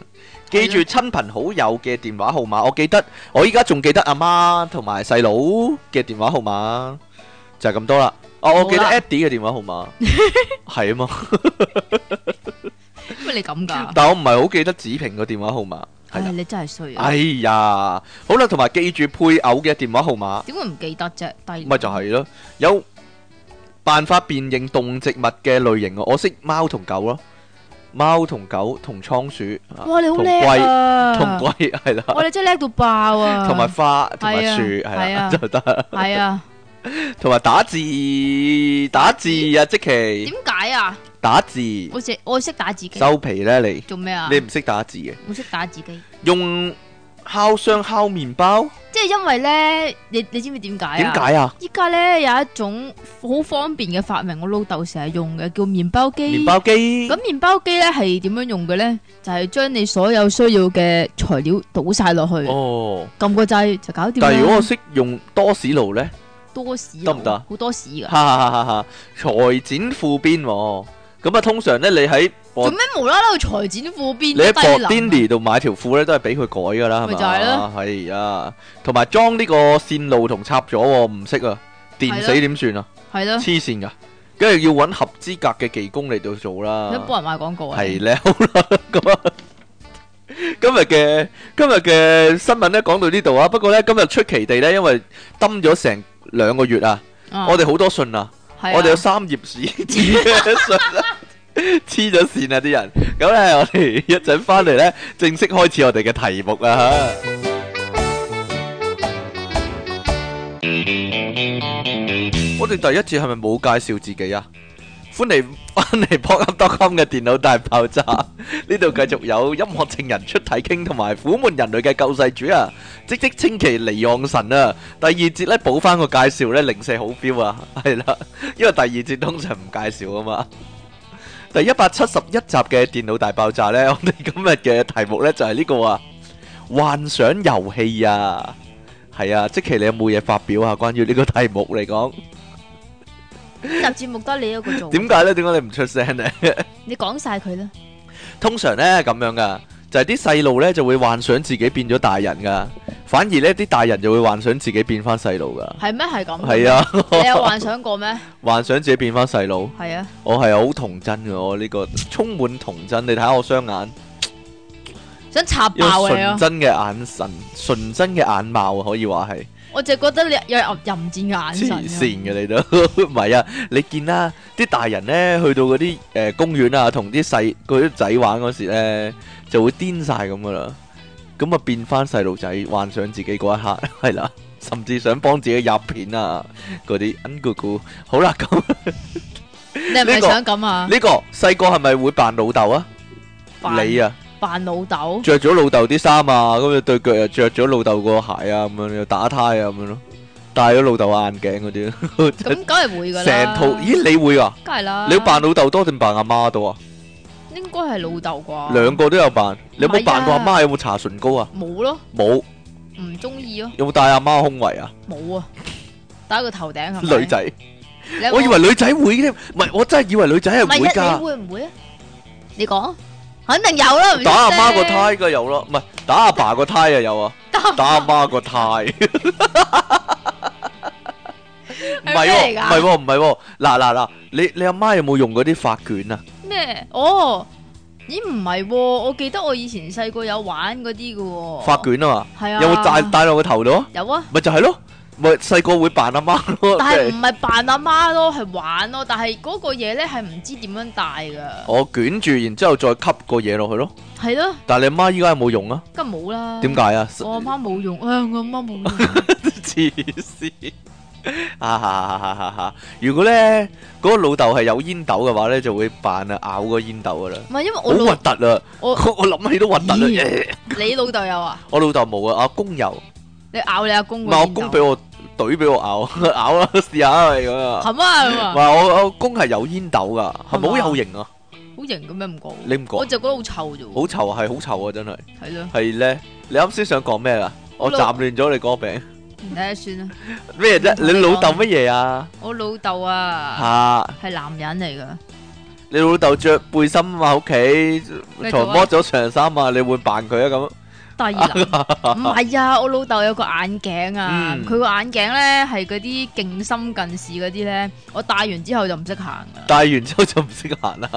記住親朋好友嘅電話號碼，我記得我依家仲記得阿媽同埋細佬嘅電話號碼就係咁多啦。哦，我記得 Eddie 嘅電話號碼係啊嘛，乜你咁噶？但係我唔係好記得子平嘅電話號碼。唉，你真係衰啊！哎呀，好啦，同埋記住配偶嘅電話號碼。點會唔記得啫？低咪就係咯，有辦法辨認動植物嘅類型啊！我識貓同狗咯。貓同狗同倉鼠，哇，你好叻啊，同龜係啦，哇，你真係叻到爆啊，同埋和龜 花同埋樹係啦就得，係啊，同埋、啊啊、 打字打字啊積淇。點解啊？打字我識我識打字，收皮啦你，做咩啊？你唔識打字嘅，我識打字機用。烤箱烤麵包，即係因為咧，你你知唔知點解啊？點解啊？依家咧有一種好方便嘅發明，我老豆成日用嘅叫麵包機。麵包機。咁麵包機咧係點樣用嘅咧？就係、是、將你所有需要嘅材料倒晒落去，哦，撳個掣就搞掂。但如果我識用多士爐咧，多士得唔得？好多士噶。哈哈哈！哈裁剪褲邊。咁啊，通常咧，你喺做咩無啦啦去裁剪褲邊？你喺 Bodini 度買條褲咧，都係俾佢改噶啦，係嘛？咪就係咯。係啊，同埋裝呢個線路同插座，唔識啊，電死點算啊？係咯。黐線噶，跟住要揾合資格嘅技工嚟到做啦。幫人買廣告啊。係啦，好啦。今日嘅今日嘅新聞咧，講到呢度啊。不過咧，今日出奇地咧，因為蹲咗成兩個月啊，我哋好多信啊。 我哋有三頁紙，黐咗線啊！啲人，咁咧我哋一陣翻嚟咧，正式開始我哋嘅題目啦。 我哋第一次係咪冇介紹自己啊？歡迎歡迎 blog.com 嘅電腦大爆炸，呢度繼續有音樂情人出體 king，同埋虎門人類嘅救世主啊！即即稱其離岸神啊！第二節咧補翻個介紹咧，零舍好標啊，係啦，因為第二節通常唔介紹啊嘛。第一百七十一集嘅電腦大爆炸咧，我哋今日嘅題目咧就係呢個啊，幻想遊戲啊，係啊，積淇你有冇嘢發表啊？關於呢個題目嚟講。呢集節目得你一個做？點解咧？點解你唔出聲咧？ 你講晒佢啦。通常呢，咁樣噶，就係啲細路呢就會幻想自己變咗大人噶，反而呢啲大人就會幻想自己變翻細路噶。係咩？係咁？係是啊！ 你有幻想過咩？ 幻想自己變翻細路？係啊！我係好童真嘅，我呢、這個充滿童真。你睇下我雙眼，想插爆你咯！純真嘅眼神，純、啊、真嘅眼貌，可以話係。我就覺得你有任任戰嘅眼神，黐線嘅你都，唔係啊！你見啦，啲大人咧去到嗰啲誒公園啊，同啲細嗰啲仔玩嗰時咧，就會癲曬咁噶啦，咁啊變翻細路仔幻想自己嗰一刻，係啦，甚至想幫自己入片啊嗰啲恩咕咕，好啦咁，你係咪想咁啊？呢個細個係咪會扮老豆啊？你啊！扮老豆，着咗老豆啲衫啊，咁又對腳又着咗老豆個鞋啊，咁樣又打呔啊，咁樣咯，戴咗老豆眼鏡嗰啲，咁梗係會噶啦，成套咦你會啊？梗係啦，你要扮老豆多定扮阿媽多啊？應該係老豆啩，兩個都有扮，你有冇扮過阿媽？有冇搽唇膏啊？冇咯，冇，唔中意咯。有冇戴阿媽胸圍啊？冇啊，戴個頭頂係咪？女仔，我以為女仔會嘅，唔係我真係以為女仔係會噶。你會唔會啊？你講。肯定有啦，打阿媽個胎噶，有咯，唔係打阿爸個胎啊？有啊，打阿媽個胎。唔係喎唔係喎唔係喎，嗱嗱嗱，你你阿媽有冇用嗰啲髮捲啊？咩？哦，咦，唔係喎，我記得我以前細個有玩嗰啲噶，髮捲啊嘛。係啊，有冇帶帶落個頭度？有啊，咪就係咯。咪細個會扮阿媽咯，但係唔係扮阿媽咯，係玩咯。但係嗰個嘢咧係唔知點樣帶噶。我捲住，然之後再吸個嘢落去咯。係咯、啊。但係你阿媽依家係冇用啊。梗冇啦。點解啊？我阿媽冇用啊！我阿媽冇用。黐線。啊，啊，啊，啊如果咧嗰、那個老豆係有煙斗嘅話咧，就會扮啊咬個煙斗噶啦。唔係因為我好核突啊！我我諗起都核突啦。Yeah, 你老豆有啊？ 我老豆冇啊！阿公有。你咬你阿公嗱，我公俾我懟俾我咬，咬啦試下咁啊！係嘛？哇！我我公係有煙斗噶，係咪好有型啊？好型噶咩？唔講，你唔講，我就覺得好臭啫。好臭係好臭啊！真係係啦，係咧。你啱先想講咩啊？我雜亂咗你個餅，唔睇下算啦。咩啫？你老豆乜嘢啊？我老豆啊，吓，係男人嚟噶。你老豆着背心啊嘛，屋企才摸咗長衫啊，你會扮佢啊咁？戴唔係啊！我老豆有個眼鏡啊，佢個、嗯、眼鏡咧係嗰啲勁深近視嗰啲咧，我戴完之後就唔識行啦。戴完之後就唔識行啦，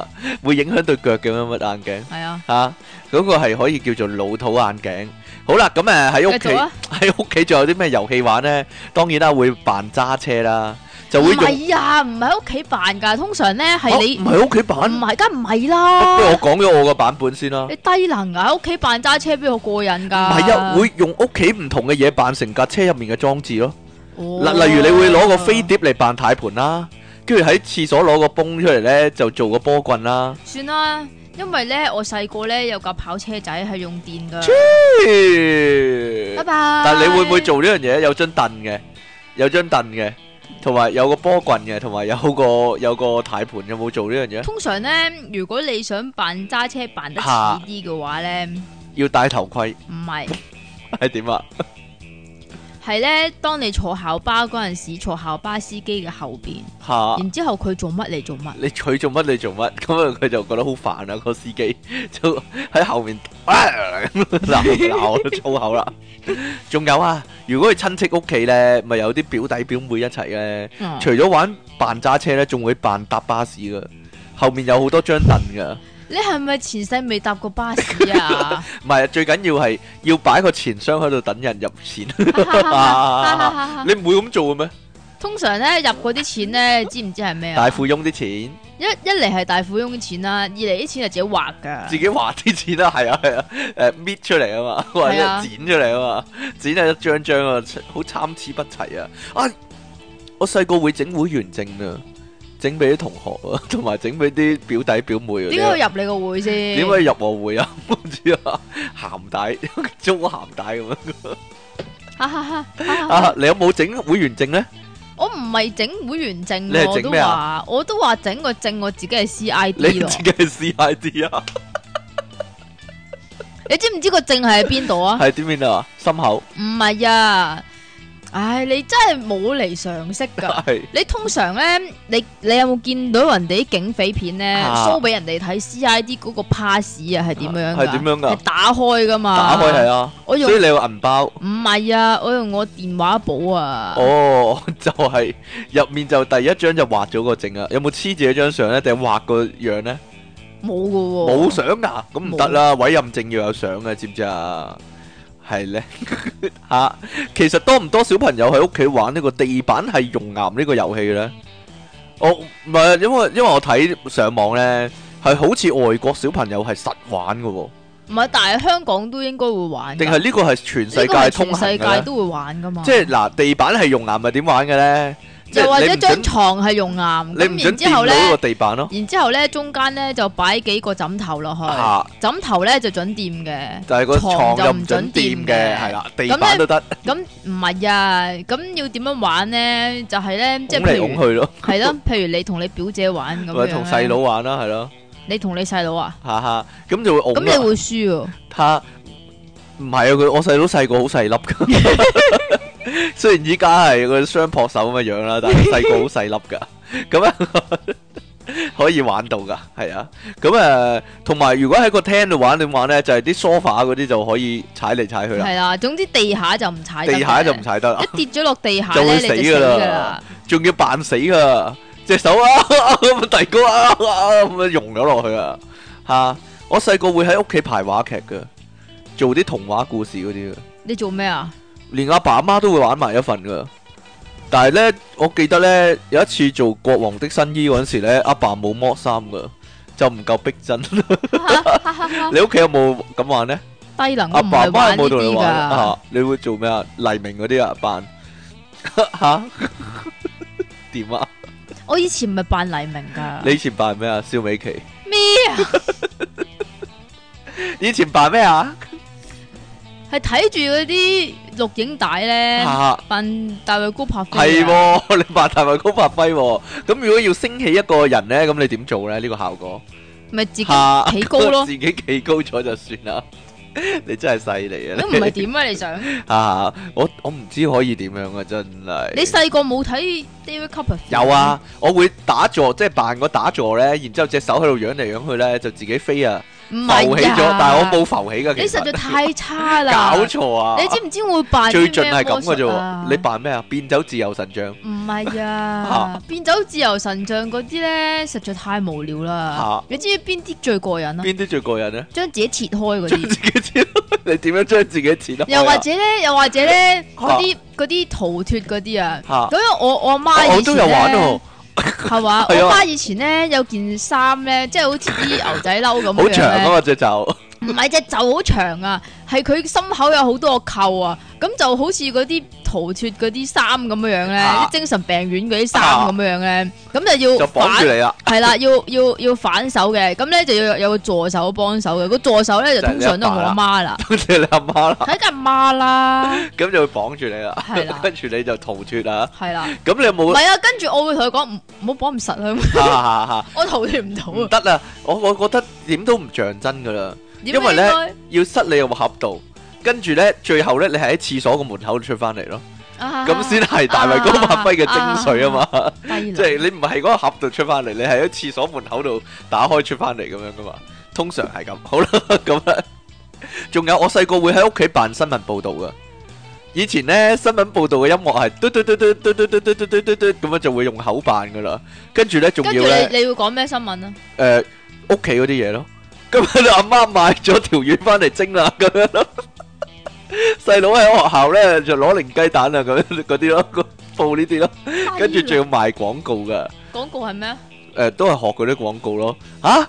會影響對腳嘅咩？乜眼鏡？係啊，吓嗰、啊嗰個係可以叫做老土眼鏡。好啦，咁誒喺屋企喺屋企仲有啲咩遊戲玩咧？當然、啊、啦，會扮揸車啦。就呢啲，唔係啊，唔係喺屋企扮噶，通常咧係你唔係喺屋企扮，唔係梗係唔係啦、啊。不如我講咗我個版本先啦、啊。你低能啊，喺屋企扮揸車比較過癮噶。唔係啊，會用屋企唔同嘅嘢扮成架車入面嘅裝置咯。例、哦、例如你會攞個飛碟嚟扮太盤啦，跟住喺廁所攞個泵出嚟咧就做個波棍啦。算啦，因為咧我細個咧有架跑車仔係用電噶。去拜拜。但係你會唔會做呢樣嘢？有張凳嘅，有張凳嘅。同埋有個波棍嘅，同埋有個有個軚盤，有冇做呢樣嘢？通常呢，如果你想扮揸車扮得似啲嘅話呢，要戴頭盔不是。 唔係，係點啊？係咧，當你坐校巴嗰陣時，坐校巴司機嘅後邊，啊、然之後佢做乜你做乜，你佢做乜你做乜，咁啊佢就覺得好煩啊個司機，就喺後邊鬧鬧粗口啦。仲有啊，如果去親戚屋企咧，咪有啲表弟表妹一齊咧，嗯、除咗玩扮揸車咧，仲會扮搭巴士噶，後面有好多張凳噶。你係咪前世未搭過巴士啊？唔係， 最緊要係要擺個錢箱喺度等人入錢 你唔會咁做嘅咩？通常咧入嗰啲錢咧，知唔知係咩？大富翁啲錢，一一嚟係大富翁啲錢啦，二嚟啲錢係自己畫噶，自己畫啲錢啦，係啊係啊，誒搣、啊啊、出嚟啊嘛，或者剪出嚟啊嘛，剪係一張張啊，好參差不齊啊！啊，我細個會,會整會員證啊。整俾啲同學啊，同埋整俾啲表弟表妹啊。點解要入你個會先？點解入我會啊？唔知啊，鹹帶，租鹹帶咁樣。啊！你有冇整會員證咧？我唔係整會員證，你整咩啊？我都話，我都話整個證，我自己係 C I D 咯。你自己係 C I D 啊？你知唔知個證係喺邊度啊？喺邊度啊？心口。唔係啊！唉，你真係冇嚟常識噶。是你通常咧，你你有冇見到人哋啲警匪片咧，show 俾人哋睇 C.I.D 嗰個 pass 樣啊，係點樣噶？係點樣噶？你打開噶嘛？打開係啊。我用所以你有銀包。唔係啊，我用我電話簿啊。哦，就係、是、入面就第一張就畫咗個證啊。有冇黐住一張相咧，定係畫個樣咧？冇噶喎。冇相噶，咁唔得啦。的委任證要有相嘅，知唔知啊？係咧嚇，其實多唔多小朋友喺屋企玩呢個地板係熔岩呢個遊戲咧？我唔係因為因為我睇上網咧，係好似外國小朋友係實玩㗎喎。唔係，但係香港都應該會玩。定係呢個係全世界全世界都會玩㗎嘛？即係嗱，地板係熔岩，係點玩嘅咧？又或者張床係熔岩，咁然之後咧，個地板咯，然之後咧中間咧就擺幾個枕頭落去，枕頭咧就准掂嘅，個床就唔准掂嘅，係啦，地板都得。咁唔係啊？咁要點樣玩咧？就係咧，即係嚟去咯。係咯，譬如你同你表姐玩咁樣，同細佬玩啦，係咯。你同你細佬啊？吓吓，咁就會咁你會輸哦。吓，唔係啊？佢我細佬細個好細粒噶。雖然依家係個雙扑手咁嘅樣啦，但係細個好細粒噶，咁樣可以玩到噶，係啊，咁誒，同埋如果喺個廳度玩嘅話咧，就係啲 sofa 嗰啲就可以踩嚟踩去啦。係啦，總之地下就唔踩。地下就唔踩得啦，一跌咗落地下就會死噶啦，仲要扮死噶，隻手啊，咁樣遞高啊，咁樣融咗落去啊，吓！我細個會喺屋企排話劇噶，做啲童話故事嗰啲。你做咩啊？連阿爸阿媽都會玩埋一份噶，但係咧，我記得咧，有一次做國王的新衣嗰陣時咧，阿爸冇剝衫噶，就唔夠逼真。你屋企有冇咁玩咧？低能阿爸阿媽有冇同你玩噶？你會做咩啊？黎明嗰啲啊，扮吓點啊？我以前唔係扮黎明噶。你以前扮咩啊？蕭美琪咩啊？以前扮咩啊？係睇住嗰啲。錄影帶咧，啊、扮大衛高柏飛。係喎，你扮大衛高柏飛喎。咁如果要升起一個人咧，咁你點做咧？呢、這個效果咪、啊啊、自己企高咯， 自己企高咗就算啦。 你真係犀利啊！你唔係點啊？你想啊？我我唔知可以點樣啊！真係你細個冇睇。有啊，我會打坐，即係扮個打坐咧，然之後隻手喺度揚嚟揚去咧，就自己飛啊，啊浮起咗，但係我冇浮起噶。你實在太差啦， 搞錯啊！你知唔知我會扮、啊、最盡係咁噶啫？啊、你扮咩啊？變走自由神像？唔係啊，啊變走自由神像嗰啲咧實在太無聊啦。啊、你知唔知邊啲最過癮啊？邊啲最過癮咧，將自己切開嗰啲。 你點樣將自己錢啊又？又或者咧，又或者咧，嗰啲嗰啲逃脫嗰啲啊！咁、啊啊、我我阿媽以前咧，係咪、啊、我阿、哦、 媽以前咧有件衫咧，即係好似啲牛仔褸咁好長嗰隻袖，唔係隻袖好長啊，係佢心口有好多個扣啊，咁就好似嗰啲。逃脫嗰啲衫咁樣樣咧，啲精神病院嗰啲衫咁樣樣咧，咁就要反，就綁住你啊，係啦，要要要反手嘅，咁咧就要有個助手幫手嘅，個助手咧就通常都係我阿媽啦，多謝你阿媽啦，睇緊媽啦，咁就會綁住你啦，係啦，跟住你就逃脫啦，係啦，咁你有冇？唔係啊，跟住我會同佢講唔好綁唔實啊，我逃脫唔到啊，得啦，我我覺得點都唔像真噶啦，因為咧要塞你入個盒度。跟住咧，最後咧，你係喺廁所個門口出翻嚟咯，咁先係大衞高柏飛嘅精髓啊嘛，即係你唔係喺嗰個盒度出翻嚟，你係喺廁所門口度打開出翻嚟咁樣噶嘛，通常係咁。好啦，咁啦，仲有我細個會喺屋企扮新聞報導噶，以前咧新聞報導嘅音樂係嘟嘟嘟嘟嘟嘟嘟嘟嘟嘟嘟咁樣就會用口扮噶啦，跟住咧，仲要咧，你會講咩新聞啊？誒，屋企嗰啲嘢咯，今日你阿媽買咗條魚翻嚟蒸啦，咁樣咯。細佬喺學校咧就攞零雞蛋啊，咁嗰啲咯，報呢啲咯，跟住仲要賣廣告噶。廣告係咩啊？誒，都係學佢啲廣告咯。吓，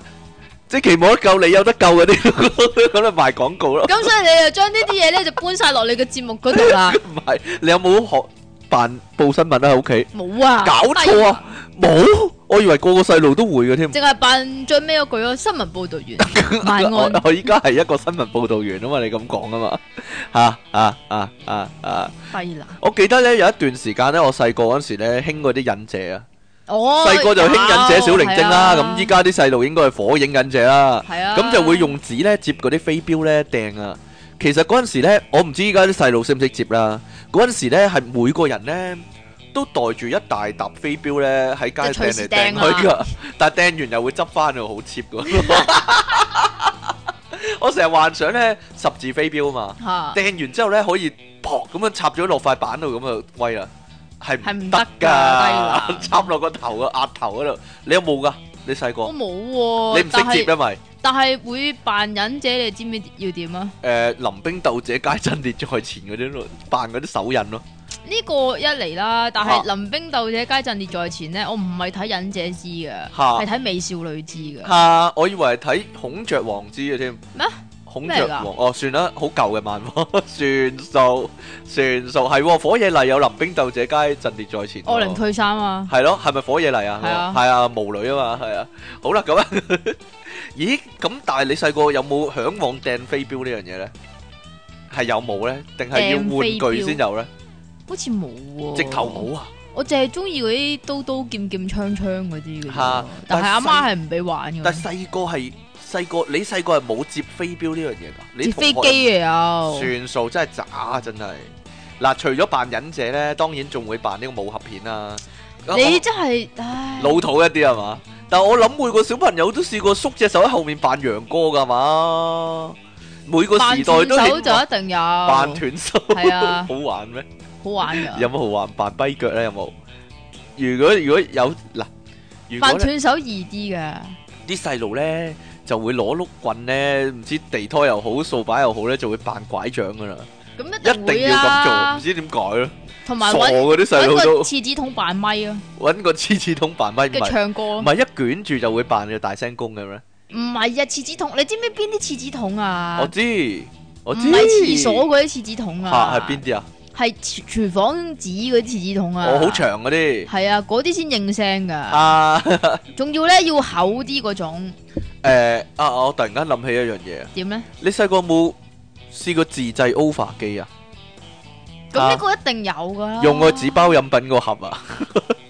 即期冇得救，你有得救嗰啲咁嚟賣廣告咯。咁所以你就將呢啲嘢咧就搬晒落你嘅節目嗰度啦。唔係，你有冇學？辦報新聞啦喺屋企，冇啊，搞錯啊，冇，我以為個個細路都會嘅添，淨係扮最尾嗰句咯，新聞報道員，辦案。我依家係一個新聞報道員啊嘛，你咁講啊嘛，吓吓吓吓吓，飛啦！我記得咧有一段時間咧，我細個嗰時咧興嗰啲忍者啊，哦，細個就興忍者小靈精啦，咁依家啲細路應該係火影忍者啦，係啊，咁就會用紙咧接嗰啲飛鏢咧掟啊。其實嗰陣時咧，我唔知依家啲細路識唔識接啦。嗰陣時咧，係每個人咧都袋住一大沓飛鏢咧喺街上嚟掟佢噶。但係掟完又會執翻去好 cheap 噶。 我成日幻想咧十字飛鏢嘛，掟完之後咧可以扑咁樣插咗落塊板度咁啊威啊，係唔得噶， 插落個頭個額頭嗰度。你有冇噶？你細個我冇喎、啊，你唔識接咪？但係是為會扮忍者，你知唔知要點、呃、啊？誒，臨兵鬥者皆陣列在前嗰啲咯，扮嗰啲手印咯。呢個一嚟啦，但係臨兵鬥者皆陣列在前咧，我唔係睇忍者知嘅，係睇美少女知嘅。嚇、啊！我以為係睇孔雀王子嘅添。咩？孔雀王哦，算啦，好舊嘅漫畫，算數算數，係火野麗有臨兵鬥者皆陣列在前。惡靈退散啊，係咯，係咪火野麗啊？係啊，係啊，巫女啊嘛，係啊。好啦，咁咦咁？但係你細個有冇嚮往掟飛鏢呢樣嘢咧？係有冇咧？定係要玩具先有咧？好似冇喎，直頭冇啊！我淨係中意嗰啲刀刀劍劍槍槍嗰啲嘅啫。但係阿媽係唔俾玩嘅。但細個係。細個你細個係冇接飛鏢呢樣嘢噶，接飛機又有算數，真係渣真係。嗱，除咗扮忍者咧，當然仲會扮呢個武俠片啊。你真係唉老土一啲係嘛？但係我諗每個小朋友都試過縮隻手喺後面扮楊哥噶係嘛？每個時代都就一定有扮斷手，係啊，好玩咩？好玩嘅有冇好玩？扮跛腳咧有冇？如果如果有嗱，扮斷手易啲噶，啲細路咧。就會攞碌棍咧，唔知地拖又好，掃把又好咧，就會扮拐杖噶啦。一定，啊、一定要咁做，唔知點改咯。同埋，我嗰啲細佬都攞個廁紙筒扮咪啊。揾個廁紙筒扮咪，啊，即係唱歌。唔係一捲住就會扮個大聲公嘅咩？唔係啊，廁紙筒，你知唔知邊啲廁紙筒啊我？我知，我知。唔係廁所嗰啲廁紙筒啊。吓，係邊啲啊？係廚房紙嗰啲廁紙筒啊。啊哦，好長嗰啲。係啊，嗰啲先應聲噶。啊 呢，仲要咧要厚啲嗰種。誒，啊，我突然間諗起一樣嘢啊，點咧？你細個冇試過自製 over 機啊？咁呢個一定有噶。用個紙包飲品個盒啊！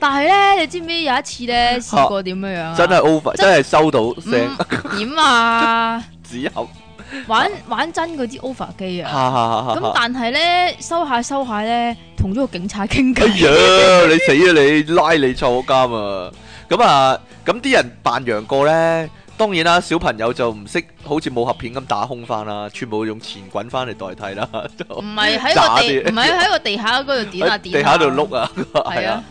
但係咧，你知唔知有一次咧試過點樣樣？真係 over，真係收到聲。點啊？紙盒玩玩真嗰啲 over 機啊！咁但係咧，收下收下咧，同咗個警察傾偈。哎呀，你死啦！你拉你坐監啊！咁啊，咁啲人扮楊過咧。當然啦，小朋友就唔識好似武俠片咁打空翻啦，全部用前滾翻嚟代替啦。唔係喺個地，唔係喺個地下嗰度點啊點？地下度碌啊！係啊，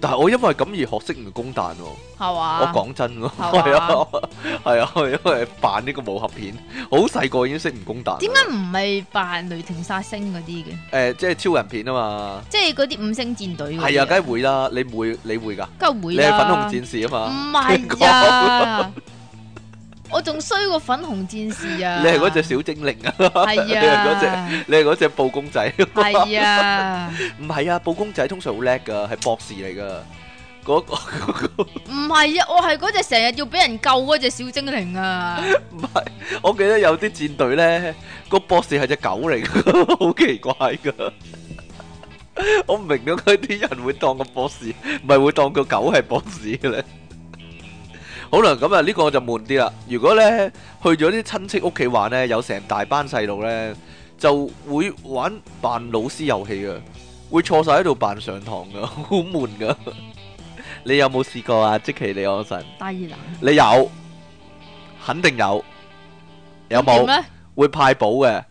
但係我因為咁而學識蜈蚣彈喎。係哇！我講真喎，係啊，係啊，因為扮呢個武俠片，好細個已經識蜈蚣彈。點解唔係扮雷霆殺星嗰啲嘅？誒，即係超人片啊嘛。即係嗰啲五星戰隊。係啊，梗係會啦，你會你會㗎。梗係會。你係粉紅戰士啊嘛？唔係啊！我仲衰過粉紅戰士啊！你係嗰隻小精靈啊！係啊！你係嗰隻，你係嗰隻布公仔。係啊，唔係啊，布、 啊、公仔通常好叻噶，係博士嚟噶。嗰個，嗰個，唔係啊，我係嗰隻成日要俾人救嗰隻小精靈啊！唔係，我記得有啲戰隊咧，個博士係隻狗嚟，好奇怪噶！ 我唔明點解啲人會當個博士，唔係會當個狗係博士嘅咧？好啦，咁啊呢個我就悶啲啦。如果咧去咗啲親戚屋企玩咧，有成大班細路咧，就會玩扮老師遊戲嘅，會坐晒喺度扮上堂嘅，好悶噶。 你有冇試過啊？即其你我神，你有肯定有，有冇會派補嘅，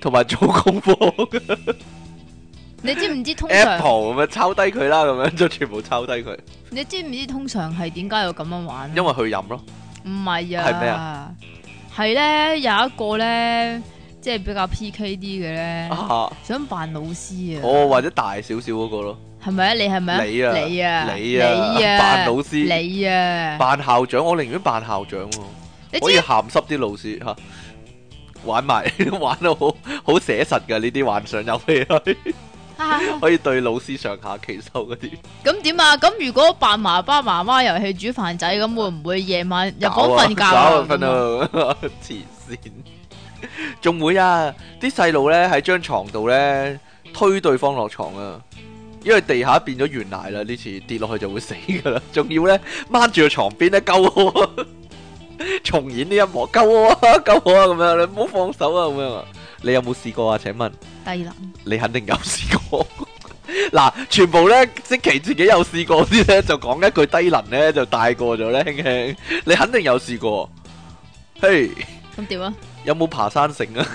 同埋做功課。 你知唔知通常 Apple 咪抄低佢啦，咁樣就全部抄低佢。你知唔知通常係點解要咁樣玩？因為佢飲咯。唔係啊。係咩啊？係咧、啊、有一個咧，即係比較 PK 啲嘅咧，啊、想扮老師啊。哦，oh，或者大少少嗰個咯。係咪啊？你係咪啊？你啊！你啊！你啊！扮、啊、老師。你啊！扮校長，我寧願扮校長喎。你可以咸濕啲老師吓、啊，玩埋玩到好好寫實㗎呢啲幻想遊戲。 可以對老師上下其手嗰啲。咁點啊？咁如果扮爸爸媽媽遊戲煮飯仔，咁會唔會夜晚入房瞓覺啊？瞓啊！前綫仲會啊！啲細路咧喺張床度咧推對方落床啊！因為地下變咗懸崖啦！呢次跌落去就會死噶啦！仲要咧掹住個床邊咧救我，重演呢一幕，救我啊！救我啊！咁樣你唔好放手啊！咁樣啊！你有冇試過啊？請問低能，你肯定有試過。嗱，全部咧，即其自己有試過啲咧，就講一句低能咧，就大過咗咧，輕輕。你肯定有試過。嘿，咁點啊？有冇爬山繩啊？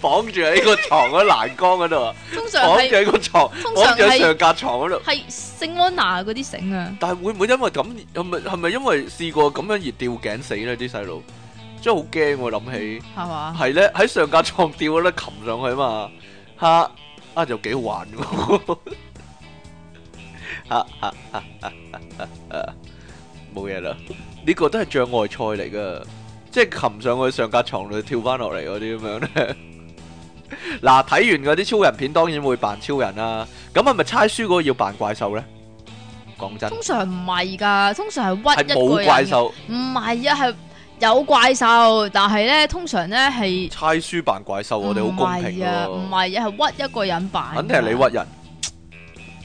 綁住喺個床嗰欄杆嗰度，綁住喺個床，綁住喺上架床嗰度，係聖安娜嗰啲繩啊。但係會唔會因為咁係咪係咪因為試過咁樣而吊頸死咧？啲細路？真係好驚，我諗起，係咧喺上格床吊嗰啲擒上去嘛，吓啊又幾、啊、好玩，冇嘢啦，呢個都係障礙賽嚟噶，即係擒上去上格床度跳翻落嚟嗰啲咁樣咧。嗱 睇、啊、完嗰啲超人片，當然會扮超人啦、啊。咁係咪猜書嗰個要扮怪獸咧？講真通，通常唔係噶，通常係屈一個人，冇怪獸，唔係啊，係。有怪獸，但係咧，通常咧係猜書扮怪獸，啊、我哋好公平。唔係啊，唔係啊，係屈一個人扮，肯定係你屈人。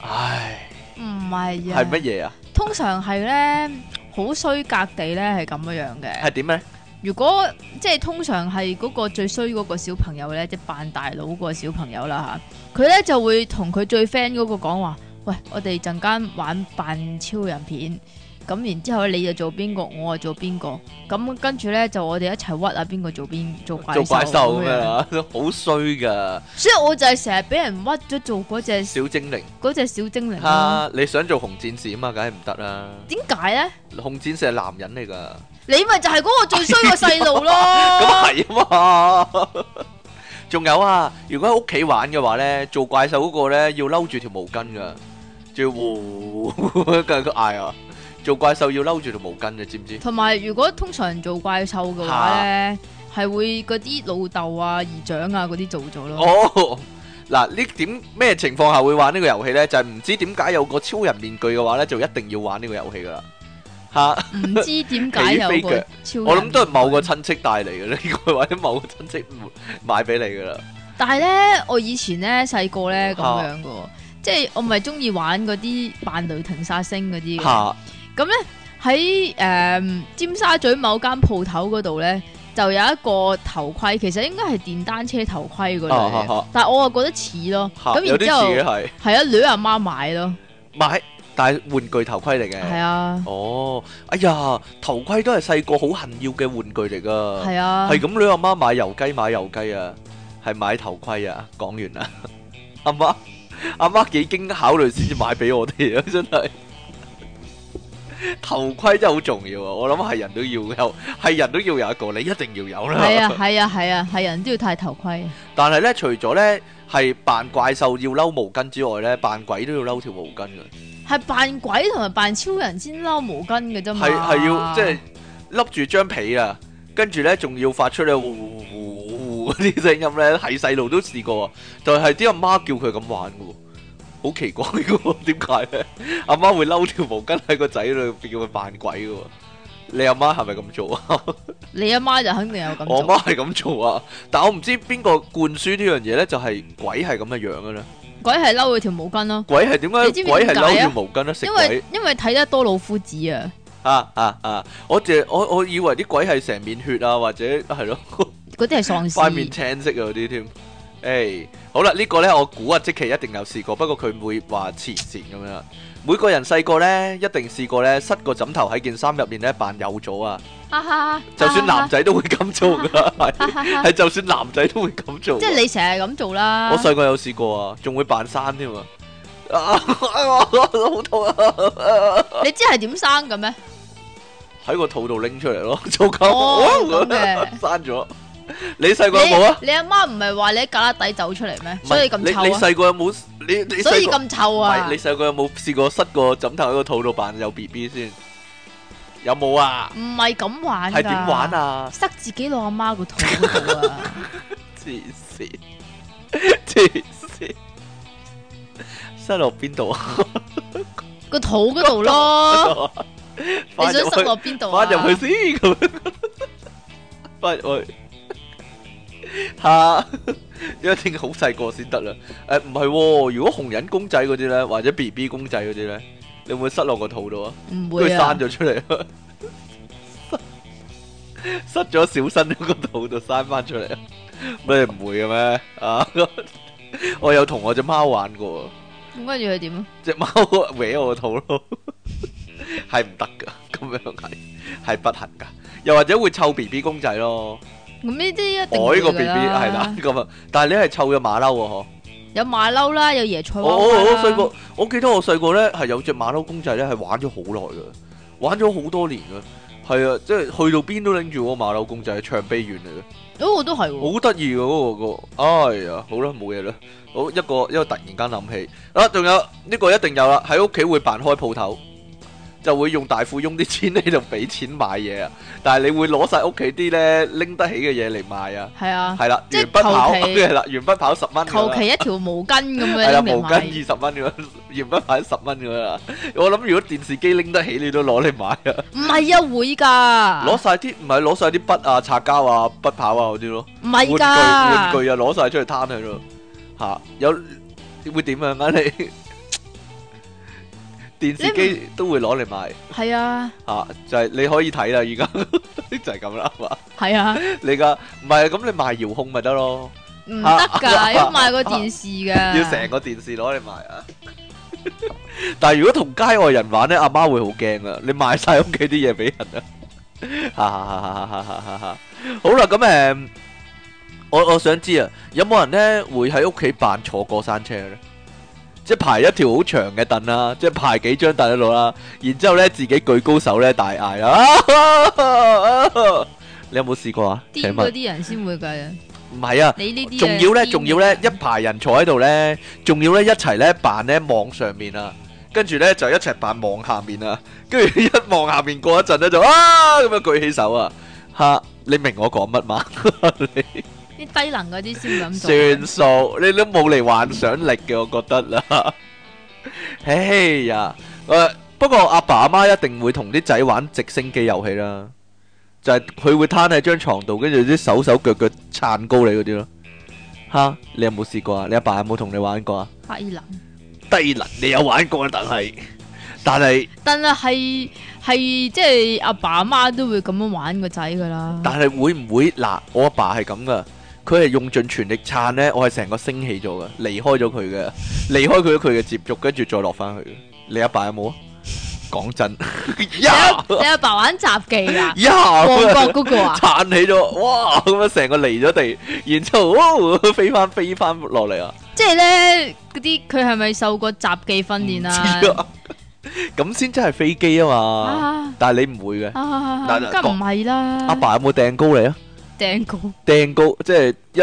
唉，唔係啊，係乜嘢啊？通常係咧，好衰格地咧，係咁樣樣嘅。係點咧？如果即係通常係嗰個最衰嗰個小朋友咧，即係扮大佬嗰個小朋友啦吓，佢、啊、咧就會同佢最 friend 嗰個講話：，喂，我哋陣間玩扮超人片。咁然之後你就做邊個，我啊做邊個，咁跟住咧就我哋一齊屈，啊，邊個做邊做怪獸？做怪獸咩？好衰噶。所以我就係成日俾人屈咗做嗰隻小精靈，嗰隻小精靈。吓，你想做紅戰士啊嘛？梗係唔得啦！點解咧？紅戰士係男人嚟噶，你咪就係嗰個最衰個細路咯。咁係啊嘛。仲有啊，如果喺屋企玩嘅話咧，做怪獸嗰個咧要嬲住條毛巾噶，就呼跟住嗌啊！做怪獸要摟住條毛巾嘅，知唔知？同埋如果通常做怪獸嘅話咧，係會嗰啲老豆啊、姨、啊、丈啊嗰啲做咗咯。哦，嗱呢點咩情況下會玩呢個遊戲咧？就係、是、唔知點解有個超人面具嘅話咧，就一定要玩呢個遊戲噶啦。吓、啊？唔知點解有個超人面具， 我諗都係某個親戚帶嚟嘅咧，或者 某個親戚買俾你噶啦。但係咧，我以前咧細個咧咁樣嘅、啊，即係我唔係中意玩嗰啲扮雷霆殺星嗰啲嘅。啊咁咧喺誒尖沙咀某間鋪頭嗰度咧，就有一個頭盔，其實應該係電單車頭盔嗰類，啊啊、但係我又覺得似咯。有啲似嘅，係係啊，後女阿媽買咯，買但係玩具頭盔嚟嘅。係啊，哦，oh, 哎呀，頭盔都係細個好恨要嘅玩具嚟噶。係啊，係咁女阿媽買油雞買油雞啊，係買頭盔啊，講完啦，阿媽阿媽幾經考慮先至買俾我哋啊，真係。 頭盔真係好重要啊！我諗係人都要有，係人都要有一個，你一定要有啦。係啊係啊係啊，係人都要戴頭盔。但係咧，除咗咧係扮怪獸要嬲毛巾之外咧，扮鬼都要嬲條毛巾嘅。係扮鬼同埋扮超人先嬲毛巾嘅啫嘛。係係要即係笠住張被啊，跟住咧仲要發出咧嗚嗚嗚嗰啲聲音咧，喺細路都試過啊，就係啲阿媽叫佢咁玩嘅。好奇怪嘅，點解咧？阿媽會嬲條毛巾喺個仔度，叫佢扮鬼嘅。你阿媽係咪咁做啊？ 你阿媽就肯定有咁。我媽係咁做啊，但係我唔知邊個灌輸呢樣嘢咧，就係鬼係咁嘅樣嘅咧。鬼係嬲佢條毛巾咯。鬼係點解？鬼係嬲條毛巾啊？因為因為睇得多老夫子啊。啊啊啊！我我我以為啲鬼係成面血啊，或者係咯，嗰啲係喪屍，塊 面青色嘅嗰啲添。誒，hey, 好啦，呢、這個咧我估啊，積淇一定有試過，不過佢唔會話慈善咁樣。每個人細個咧一定試過咧，塞個枕頭喺件衫入面咧扮有咗啊！哈哈，就算男仔都會咁做噶，係 就算男仔都會咁做。即係你成日咁做啦。我細個有試過啊，仲會扮生添啊！ 好痛啊！ 你知係點生嘅咩？喺個肚度拎出嚟咯，做咁、oh, 生咗了。你細個有冇啊？你阿媽唔係話你喺旮旯底走出嚟咩？所以咁臭。你你細個有冇？你你所以咁臭啊？唔係你細個有冇試過塞個枕頭喺個肚度扮有 B B 先？有冇啊？唔係咁玩噶。係點玩啊？塞自己落阿媽個肚嗰度啊！黐線！黐線！塞落邊度啊？個肚嗰度咯。你想塞落邊度？翻入去先佢。翻入去。吓，一定要好細個先得啦。誒、啊，唔、啊、係、啊，如果紅人公仔嗰啲咧，或者 B B 公仔嗰啲咧，你會唔會塞落個肚度啊？唔會啊。都生咗出嚟， 塞，塞咗小身喺個肚度，生翻出嚟啊？乜嘢唔會嘅咩？啊， 我有同我隻貓玩過。咁跟住佢點啊？隻貓搲我個肚咯，係唔得噶，咁樣係係不行噶。又或者會臭 B B 公仔咯。呢啲一定我呢個 B B 係啦，咁啊、哦，這個，但係你係湊咗馬騮啊，嗬？有馬騮啦，有椰菜。哦、我我我細個，我記得我細個咧係有隻馬騮公仔咧，係玩咗好耐嘅，玩咗好多年嘅，係啊，即係去到邊都拎住個馬騮公仔，唱悲怨嚟嘅。哦，我都係。好得意嘅嗰個個，哎呀，好啦，冇嘢啦，好一個，一個突然間諗起啊，仲有呢、這個一定有啦，喺屋企會扮開鋪頭。就會用大富翁啲錢喺度俾錢買嘢啊！但係你會攞晒屋企啲咧拎得起嘅嘢嚟買啊！係啊是，係啦，鉛筆便跑咁啦，鉛筆跑十蚊，求其一條毛巾咁樣， 毛巾二十蚊嘅，鉛筆跑十蚊噶啦。我諗如果電視機拎得起，你都攞嚟買啊。唔係啊，會噶。攞晒啲唔係攞晒啲筆啊、擦膠啊、筆跑啊嗰啲咯。唔係噶，玩具啊，攞晒出去攤喺度吓，有會點樣啊，你？ 電視機都會攞嚟賣，係 是啊，吓就係你可以睇啦，而家就係咁啦，係、嗯、嘛，係是啊 你，你而家唔係咁，你賣遙控咪得咯，唔得噶， 要賣個電視噶， 要成個電視攞嚟賣啊， 但係如果同街外人玩咧，阿媽會好驚啊，你賣晒屋企啲嘢俾人啊， 哈哈哈哈哈哈哈哈，好啦，咁誒、嗯，我我想知啊，有冇人咧會喺屋企扮坐過山車咧？即係排一條好長嘅凳啦，即係排幾張凳喺度啦，然之後咧自己舉高手咧大嗌啊，啊，啊，啊！你有冇試過啊？啲人先會計啊！」唔係啊。你呢啲，仲要咧，仲要咧，一排人坐喺度咧，仲要咧一齊咧扮咧望上面啊，跟住咧就一齊扮望下面啊，跟住一望下面過一陣咧就啊咁樣舉起手啊，吓、啊、你明我講乜嘛？ 你。啲低能嗰啲先咁做，算數，你都冇嚟幻想力嘅，我覺得啦。哎呀，誒不過阿爸阿媽一定會同啲仔玩直升機遊戲啦，就係佢會攤喺張床度，跟住啲手手腳腳撐高你嗰啲咯。吓，你有冇試過啊？你阿爸有冇同你玩過啊？低能，低能，你有玩過啊？但係，但係，但係係係即係阿爸阿媽都會咁樣玩個仔噶啦。但係會唔會嗱？我阿爸係咁噶。佢係用盡全力撐咧，我係成個升起咗嘅，離開咗佢嘅，離開佢佢嘅接觸，跟住再落翻去。你阿爸，爸有冇啊？講真， 呀你阿爸，爸玩雜技呀個啊？呀，旺角嗰個撐起咗，哇，咁啊成個離咗地，然之後哇飛翻飛翻落嚟啊！即係咧嗰啲，佢係咪受過雜技訓練啊？咁先、啊、 真係飛機啊嘛！啊但係你唔會嘅，梗唔係啦。阿爸，爸有冇掟高你啊？掟扔高，掟高，即係一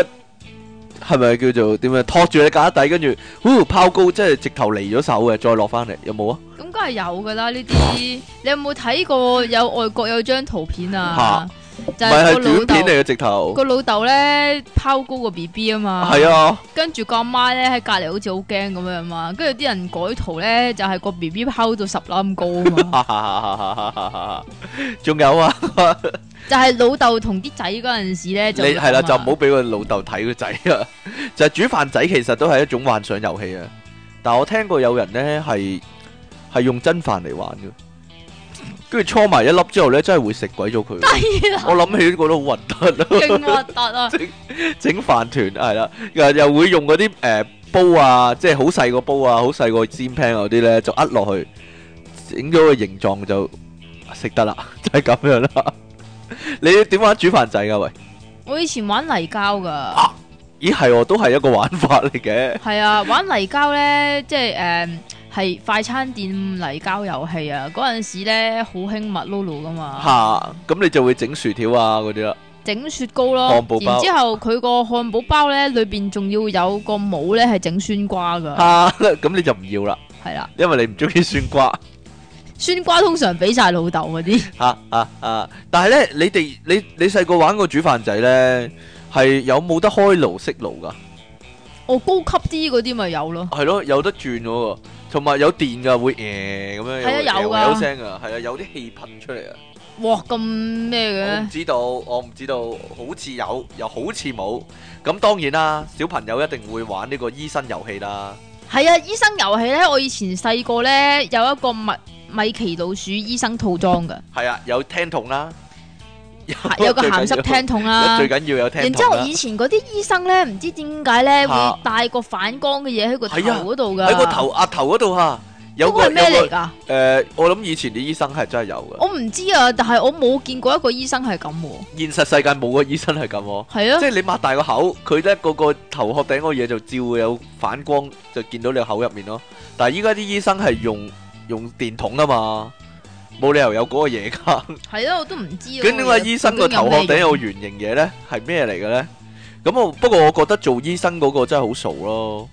係咪叫做點樣？托住你架底，跟住，嗚拋高，即係直頭離咗手嘅，再落翻嚟，有冇啊？咁梗係有噶啦，呢啲 你有冇睇過有外國有張圖片啊？吓？就係嘅直頭個老豆咧拋高個 B B 啊嘛，係啊，跟住個媽咧喺隔籬好似好驚咁樣嘛，跟住啲人改圖咧就係、是、個 B B 拋到十樓咁高啊嘛，仲 有啊， 就係老豆同啲仔嗰陣時咧就係啦，就唔好俾個老豆睇個仔啊，就係、啊、 煮飯仔其實都係一種幻想遊戲啊，但我聽過有人咧係係用真飯嚟玩噶。跟住搓埋一粒之後咧，真係會食鬼咗佢。我諗起都覺得好核突啊！勁核突啊！整整飯團係啦，又又會用嗰啲誒煲啊，即係好細個煲啊，好細個煎 pan 嗰啲咧，就壓落去，整咗個形狀就食得啦，就係咁樣啦。你點玩煮飯仔噶？喂，我以前玩泥膠噶。咦，係喎，都係一個玩法嚟嘅。係啊，玩泥膠咧，即係誒。係快餐店泥膠遊戲啊！嗰陣時咧，好興密盧盧噶嘛吓，咁你就會整薯條啊嗰啲啦，整雪糕咯，然之後佢個漢堡包咧，裏邊仲要有個帽咧，係整酸瓜噶，吓，咁你就唔要啦，係啦，因為你唔中意酸瓜，酸瓜通常俾晒老豆嗰啲，吓吓啊！但係咧，你哋你你細個玩個煮飯仔咧，係有冇得開爐熄爐噶哦，高級啲嗰啲咪有咯，係咯，有得轉嗰個。同埋有，有電噶會誒、呃、咁樣有有聲啊，係啊，有啲、呃、氣噴出嚟啊！哇咁咩嘅？唔知道，我唔知道，好似有又好似冇。咁當然啦，小朋友一定會玩呢個醫生遊戲啦。係啊，醫生遊戲咧，我以前細個咧有一個麥米，米奇老鼠醫生套裝嘅。係啊，有聽筒啦。有有個鹹濕聽筒啦，最緊要有聽筒。然之後以前嗰啲醫生咧，唔知點解咧會帶個反光嘅嘢喺個頭嗰度噶，喺個頭額頭嗰度吓，嗰個係咩嚟噶？誒，我諗以前啲醫生係真係有嘅，我唔知啊，但係我冇見過一個醫生係咁。現實世界冇個醫生係咁，係啊，即係你擘大個口，佢咧個個頭殼頂個嘢就照會有反光，就見到你口入面咯。但係依家啲醫生係用用電筒啊嘛。冇理由有嗰個嘢噶，係咯， 我都唔知、啊。咁點解醫生個頭殼頂有圓形嘢咧，係咩嚟嘅咧？咁我不過我覺得做醫生嗰個真係好傻咯，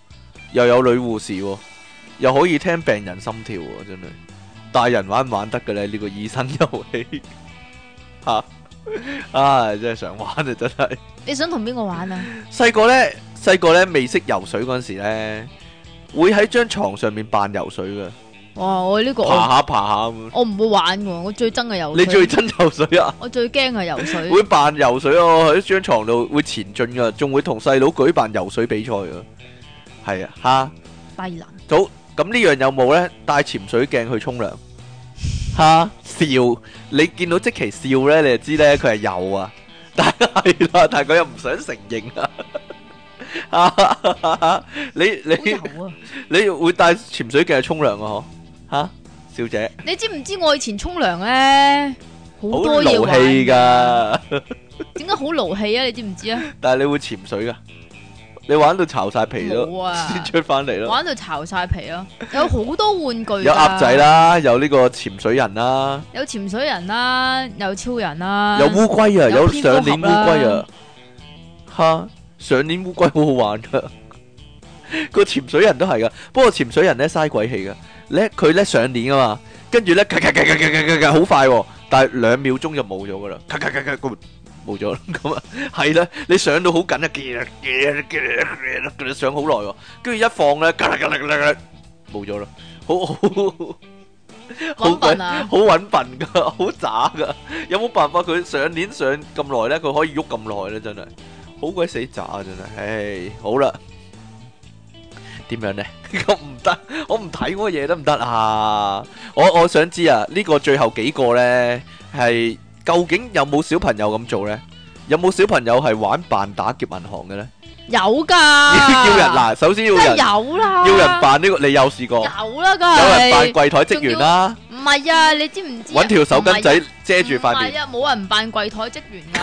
又有女護士、啊，又可以聽病人心跳、啊，真係。大人玩唔玩得嘅咧？呢、呢個醫生遊戲，吓， 啊，真係想玩啊，真係。你想同邊個玩啊？細個咧，細個咧未識游水嗰陣時咧，會喺張床上面扮游水噶。哇！我呢個我爬下爬下，我唔會玩嘅，我最憎嘅游水。你最憎、啊、游， 游水啊？我最驚嘅游水。會扮游水哦，喺張床度會前進噶，仲會同細佬舉辦游水比賽噶。係啊，哈！低能難。好，咁呢樣有冇咧？戴潛水鏡去沖涼？ 哈！笑，你見到即奇笑咧，你就知咧佢係有啊。但係啦、啊，但係佢又唔想承認 哈 你啊。 你你你會戴潛水鏡去沖涼啊？嗬？吓，小姐，你知唔知我以前沖涼咧好多嘢玩，好勞氣噶，點解好勞氣啊？你知唔知啊？ 但係你會潛水噶，你玩到巢晒皮咯，先、啊、出翻嚟咯，玩到巢晒皮咯，有好多玩具， 有鴨仔啦，有呢個潛水，有潛水人啦，有潛水人啦，有超人啦，有烏龜啊，有上年烏龜啊，吓、啊啊、上年烏龜好好玩噶， 個潛水人都係噶，不過潛水人咧嘥鬼氣噶。咧佢咧上鏈啊嘛，跟住咧咔咔咔咔咔好快，但係兩秒鐘就冇咗噶啦，咔咔咔佢冇咗啦，咁啊係啦，你上到好緊啊，上好耐跟住一放咧，咔咔咔冇咗啦，好，好鬼啊，好穩笨噶，好渣噶，有冇辦法佢上鏈上咁耐咧？佢可以喐咁耐咧？真係，好鬼死渣啊！真係，唉，好啦。點樣呢？咁唔得，我唔睇嗰個嘢得唔得啊！我我想知啊，呢、這個最後幾個呢，係究竟有冇小朋友咁做呢？有冇小朋友係玩扮打劫銀行嘅呢？有噶的！ 要人嗱，首先要人有啦，要人扮呢、這個，你有試過？有啦，有人扮櫃台職員啦、啊。唔係啊，你知唔知？搵條手巾仔遮住塊面。係啊，冇、啊啊、人扮櫃台職員、啊。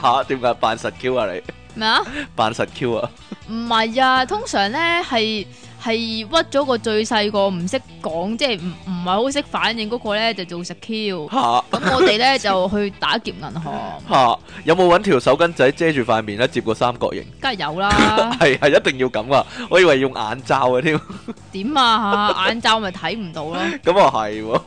吓、 啊，點解扮神 Q 啊你？咩啊扮實 Q 啊？唔係啊，通常咧係係屈咗個最細個唔識講，即係唔唔係好識反應嗰個咧就做實 Q。吓咁、啊、我哋咧就去打劫銀行。吓、啊、有冇搵條手巾仔遮住塊面咧？接個三角形。梗係有啦。係係 一定要咁啊！我以為用眼罩嘅添。點啊？眼罩咪睇唔到咯。咁又係，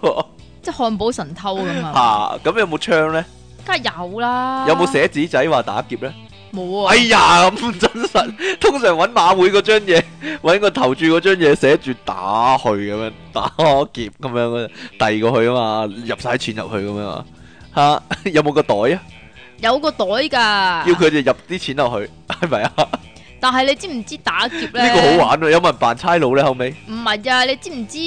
即係漢堡神偷咁嘛！吓咁、啊、有冇槍咧？梗係有啦。 有冇寫紙仔話打劫咧？冇啊！哎呀，咁、嗯、真實。通常揾馬會嗰張嘢，揾 個投注嗰張嘢寫住打去咁樣，打劫咁樣，遞過去啊嘛，入晒錢入去咁樣啊。嚇，有冇個袋啊？有，有個袋噶，袋叫佢哋入啲錢入去，係咪啊？但係你知唔知打劫咧？呢個 好玩啊！有冇人扮差佬咧後尾？唔係啊！你知唔知？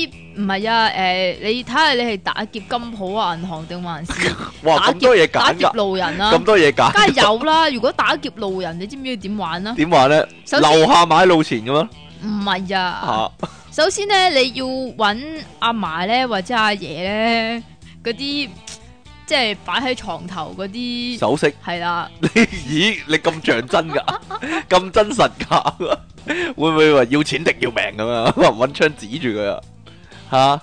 唔係啊！誒、呃，你睇下你係打劫金鋪啊、銀行定還是打劫哇多嘢打劫路人啊？咁多嘢揀，梗係有啦！如果打劫路人，你知唔知要點玩啊？點玩咧？首先，樓下買路錢噶嘛？唔係啊！啊首先咧，你要搵阿嫲咧或者阿爺咧嗰啲。即係擺喺床頭嗰啲首飾係啦。咦，你咁像真噶，咁真實噶，會唔會話要錢定要命咁啊？搵槍指住佢啊，吓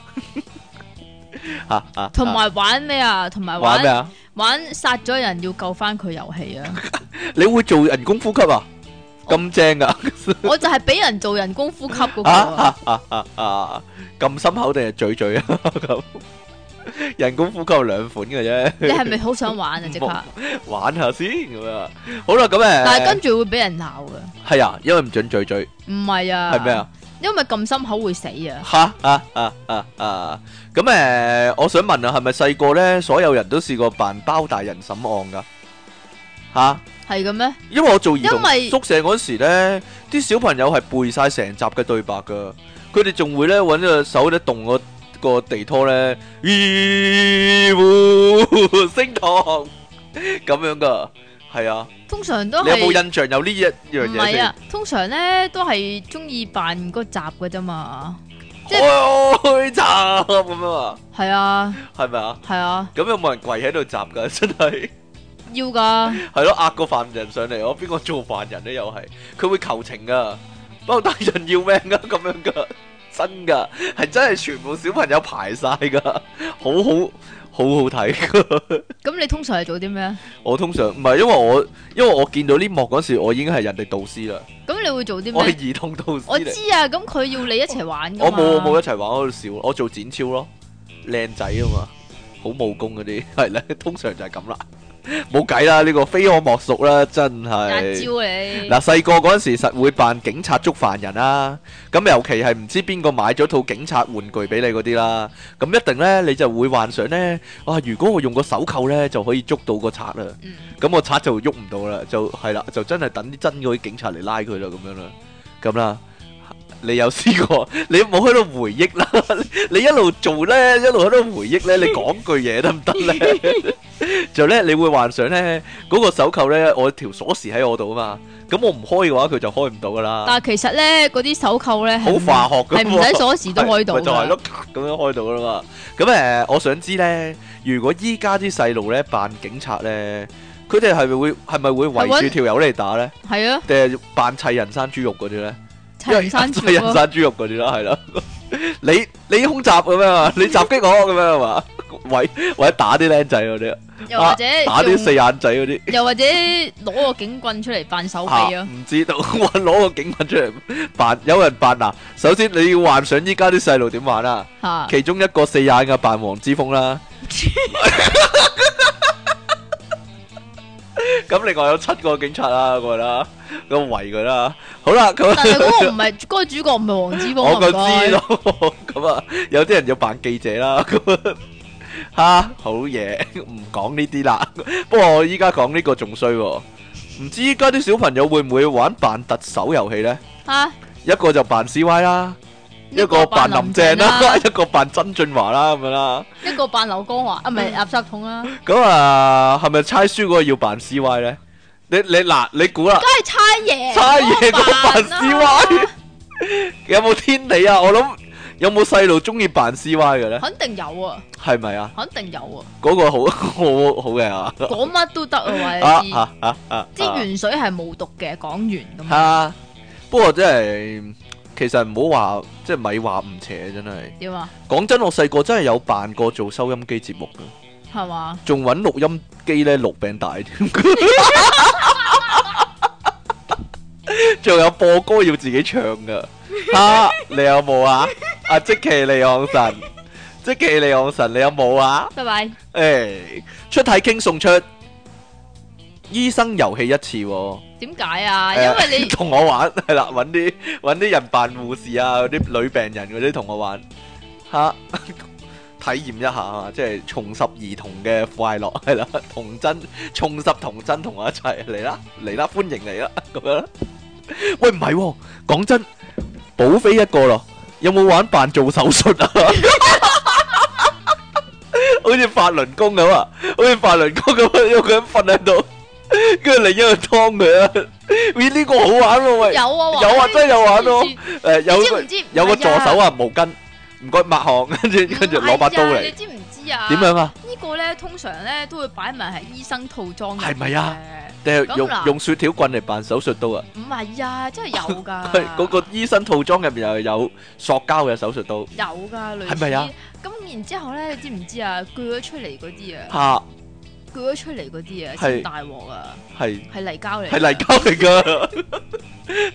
吓。同埋玩咩啊？同埋玩咩啊？玩殺咗人要救翻佢遊戲啊？你會做人工呼吸啊？咁正噶？我就係俾人做人工呼吸嗰個。撳心口定係嘴嘴啊？咁。人工呼吸兩款嘅啫，你係咪好想玩啊？即刻玩下先咁樣！好啦，咁誒，但係跟住會俾人鬧嘅。係啊，因為唔准咀咀。唔係啊，係咩啊？因為咁心口會死啊！吓啊啊啊啊！咁誒，我想問啊，係咪細個咧，所有人都試過扮包大人審案噶？吓係嘅咩？因為我做兒童宿舍嗰時咧，啲小朋友係背晒成集嘅對白噶，佢哋仲會咧搵個手咧動個。個地拖咧，二胡升堂咁樣噶，係啊。通常都你有冇印象有呢一樣嘢？唔係啊，通常咧都係中意扮個閘嘅啫嘛，即開閘咁樣啊。係啊，係咪啊？係啊。咁有冇人跪喺度閘嘅？真係要噶的。係咯、 嗯，壓個犯人上嚟我邊個做犯人咧？又係佢會求情噶，不過大人要命啊，咁樣噶。 真噶，係真係全部小朋友排晒噶，好好好好睇。咁你通常係做啲咩啊？我通常唔係，因為我因為我見到呢幕嗰時，我已經係人哋導師啦。咁你會做啲咩？我係兒童導師。我知啊，咁佢要你一齊玩，玩。我冇我冇一齊玩，我喺度笑。我做展超咯，靚仔啊嘛，好武功嗰啲係啦， 通常就係咁啦。冇計 啦，呢、呢個非我莫屬啦，真係。嗱細個嗰陣時實會扮警察捉犯人啦，咁尤其係唔知邊個買咗套警察玩具俾你嗰啲啦，咁一定呢你就會幻想呢：啊「哇如果我用個手扣呢，就可以捉到個賊啦，咁個賊就喐唔到啦，就係啦，就真係等啲真嗰啲警察嚟拉佢啦，咁樣啦，咁啦。你有試過？你冇喺度回憶啦！你一路做咧，一路喺度回憶咧。你講句嘢得唔得咧？就咧，你會幻想咧，嗰個手扣咧，我條鎖匙喺我度啊嘛。咁我唔開嘅話，佢就開唔到噶啦。但係其實咧，嗰啲手扣咧，好化學㗎，唔使鎖匙都開到。咪就係咯，咁樣開到噶啦嘛。咁誒，我想知咧，如果依家啲細路咧扮警察咧，佢哋係咪會，係咪會圍住條友嚟打咧？係啊。定係扮砌人生豬肉嗰啲咧？真係人山豬肉嗰啲啦，係啦、啊！ 你你空襲咁啊， 你襲擊我咁啊嘛？或 者打啲僆仔嗰啲，啊、或者打啲四眼仔嗰啲， 又或者攞個警棍出嚟扮手臂啊？唔、啊、知道，我 攞個警棍出嚟扮，有人扮啊！首先你要幻想依家啲細路點玩啊！啊其中一個四眼嘅扮黃之鋒啦。 咁另外有七個警察、啊、啦，佢啦，咁圍佢啦，好啦，但係個唔係， 個主角唔係黃之鋒， 我就知咯，咁啊，有啲人要扮記者啦，吓， 好嘢，唔講呢啲啦， 不過我依家講呢個仲衰、啊，唔知依家啲小朋友會唔會玩扮特首遊戲咧？吓哈，一個就扮 C Y 啦。一個扮林鄭啦，一個扮曾俊華啦咁樣啦，一個扮劉江華啊，唔係垃圾桶啦。咁啊，係咪猜書嗰個要扮 C Y 咧？你你嗱，你估啦，梗係猜嘢，猜嘢嗰個扮 C Y。有冇天理啊？我諗有冇細路中意扮 C Y 嘅咧？肯定有啊。係咪啊？肯定有啊。嗰個好好好嘅啊。講乜都得啊，喂。啊啊啊啲元水係冇毒嘅，講完咁。係啊，不過真係。其實唔好話，即係咪話唔邪真係？點啊？講真，我細個真係有扮過做收音機節目嘅，係嘛？仲搵錄音機咧錄餅帶，仲有播歌要自己唱噶。啊，你有冇啊？阿積淇離岸神，積淇離岸神，你有冇啊？拜拜。誒，出體 king 送出。醫生遊戲一次，點解啊？因為你同我玩係啦，揾啲揾啲人扮護士啊，啲女病人嗰啲同我玩吓，體驗一下啊，即係重拾兒童嘅快樂，係啦，童真重拾童真，同我一齊嚟啦，嚟啦，歡迎嚟啦，咁樣。喂，唔係，講真，寶妃一個咯，有冇玩扮做手術啊？好似法輪功咁啊，好似法輪功咁，有個人瞓喺度。跟住另一樣湯嘅，咦呢個好玩咯喂，有啊有啊真係有玩咯，誒，有有有個助手啊，毛巾，唔該抹汗，跟住跟住攞把刀嚟，你知唔知啊？點樣啊？呢個咧通常咧都會擺埋係醫生套裝嘅，係咪啊？用用雪條棍嚟扮手術刀啊？唔係啊，真係有噶，嗰個醫生套裝入邊又有塑膠嘅手術刀，有噶類似，係咪啊？咁然之後咧，你知唔知啊？鋸咗出嚟嗰啲啊？吓。舉咗出嚟嗰啲啊，大鑊啊，係係泥膠嚟，係泥膠嚟噶，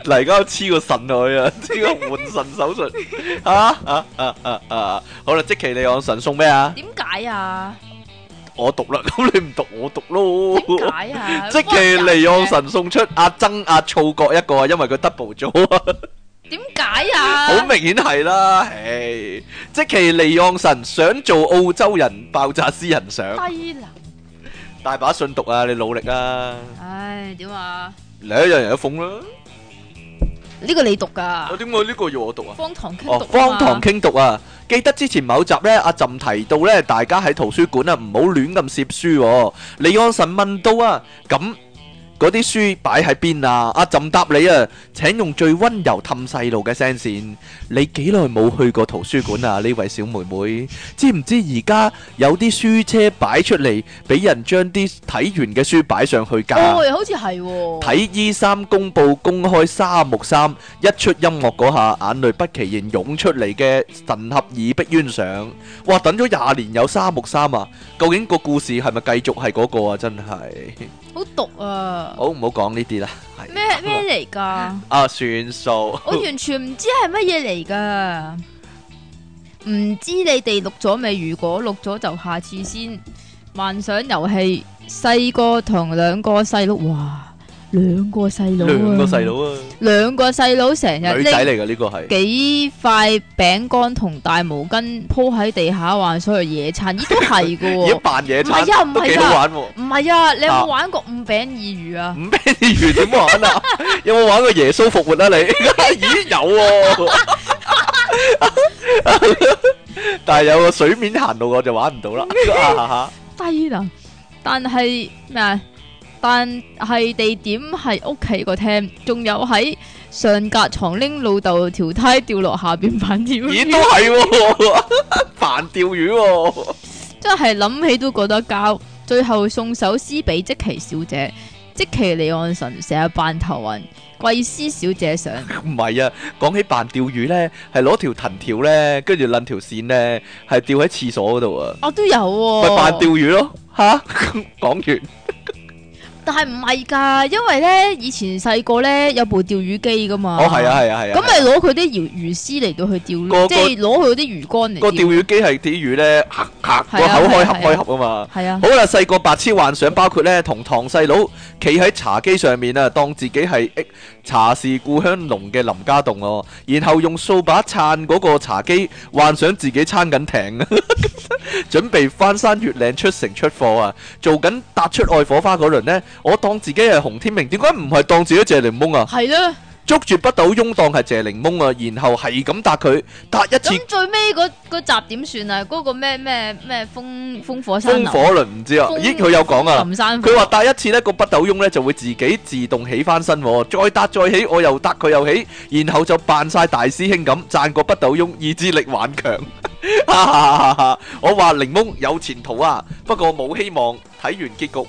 泥膠黐個神落去啊，黐個換神手術啊啊啊啊啊！好啦，積淇離岸神送咩啊？點解啊？我讀啦，咁你唔讀我讀咯。點解啊？積淇離岸神送出阿曾阿醋各一個啊，因為佢 double 咗啊。點解啊？好明顯係啦，嘿！積淇離岸神想做澳洲人爆炸私人相。大把信讀啊，你努力啊！唉，點啊？你一樣有一封啦。呢個你讀噶？我點解呢個要我讀啊？荒唐傾讀，荒唐傾讀啊！記得之前某集咧，阿朕提到咧，大家喺圖書館啊，唔好亂咁攝書。李安臣問到啊，咁。嗰啲書擺喺邊啊？阿朕答你啊，請用最溫柔氹細路嘅聲線。你幾耐冇去過圖書館啊？呢位小妹妹知唔知而家有啲書車擺出嚟，俾人將啲睇完嘅書擺上去架？哦，好似係睇《E3 公佈公開沙木三》，一出音樂嗰下，眼淚不期然湧出嚟嘅神合爾不冤上。哇！等咗廿年有沙木三啊，究竟個故事係咪繼續係嗰個啊？真係～好毒啊！好唔好講呢啲啦？咩咩嚟㗎？啊，算數。 我完全唔知係乜嘢嚟㗎，唔知你哋錄咗未？如果錄咗，就下次先。幻想遊戲，細個同兩個細佬，哇！兩個細佬啊！兩個細佬啊！兩個細佬成日女仔嚟噶，呢個係幾塊餅乾同大毛巾鋪喺地下，玩所有野餐，呢都係噶喎。扮野餐，唔係啊，唔係啊，唔係啊！你有冇玩過五餅二魚啊？五餅二魚點玩啊？有冇玩過耶穌復活啊？你咦有喎？但係有個水面行路，我就玩唔到啦。低啦，但係咩啊？但係地點係屋企個廳，仲有喺上格床拎老豆條梯掉落下邊扮釣魚，咦都係喎，扮釣魚，哦 魚哦，真係諗起都覺得膠。最後送首詩俾積淇小姐，積淇離岸神成日扮頭暈。貴斯小姐上唔係 啊？講起扮釣魚咧，係攞條藤條咧，跟住拎條線咧，係釣喺廁所嗰度啊！我都有，哦，咪扮釣魚咯吓，講 完。 但係唔係㗎？因為咧，以前細個咧有部釣魚機㗎嘛。哦，係啊，係啊，係啊。咁咪攞佢啲魚魚絲嚟到去釣魚，那個、即係攞佢啲魚竿嚟。個釣魚機係啲魚咧，嚇嚇個口開合開合啊嘛。係啊。啊好啦，細個白痴幻想，包括咧同堂細佬企喺茶幾上面啊，當自己係茶是故鄉濃嘅林家棟哦、啊，然後用掃把撐嗰個茶幾，幻想自己撐緊艇， 準備翻山越嶺出城出貨啊！做緊踏出愛火花嗰輪咧。我當自己係洪天明，點解唔係當自己係謝檸檬啊？係啦，捉住不倒翁當係謝檸檬啊，然後係咁搭佢搭一次。咁最尾嗰嗰集點算啊？嗰個咩咩咩風風火山？風火輪唔知啊，咦佢有講啊，佢話搭一次呢個不倒翁呢就會自己自動起翻身，再搭再起，我又搭佢又起，然後就扮晒大師兄咁讚個不倒翁意志力頑強。我話檸檬有前途啊，不過冇希望。睇完結局。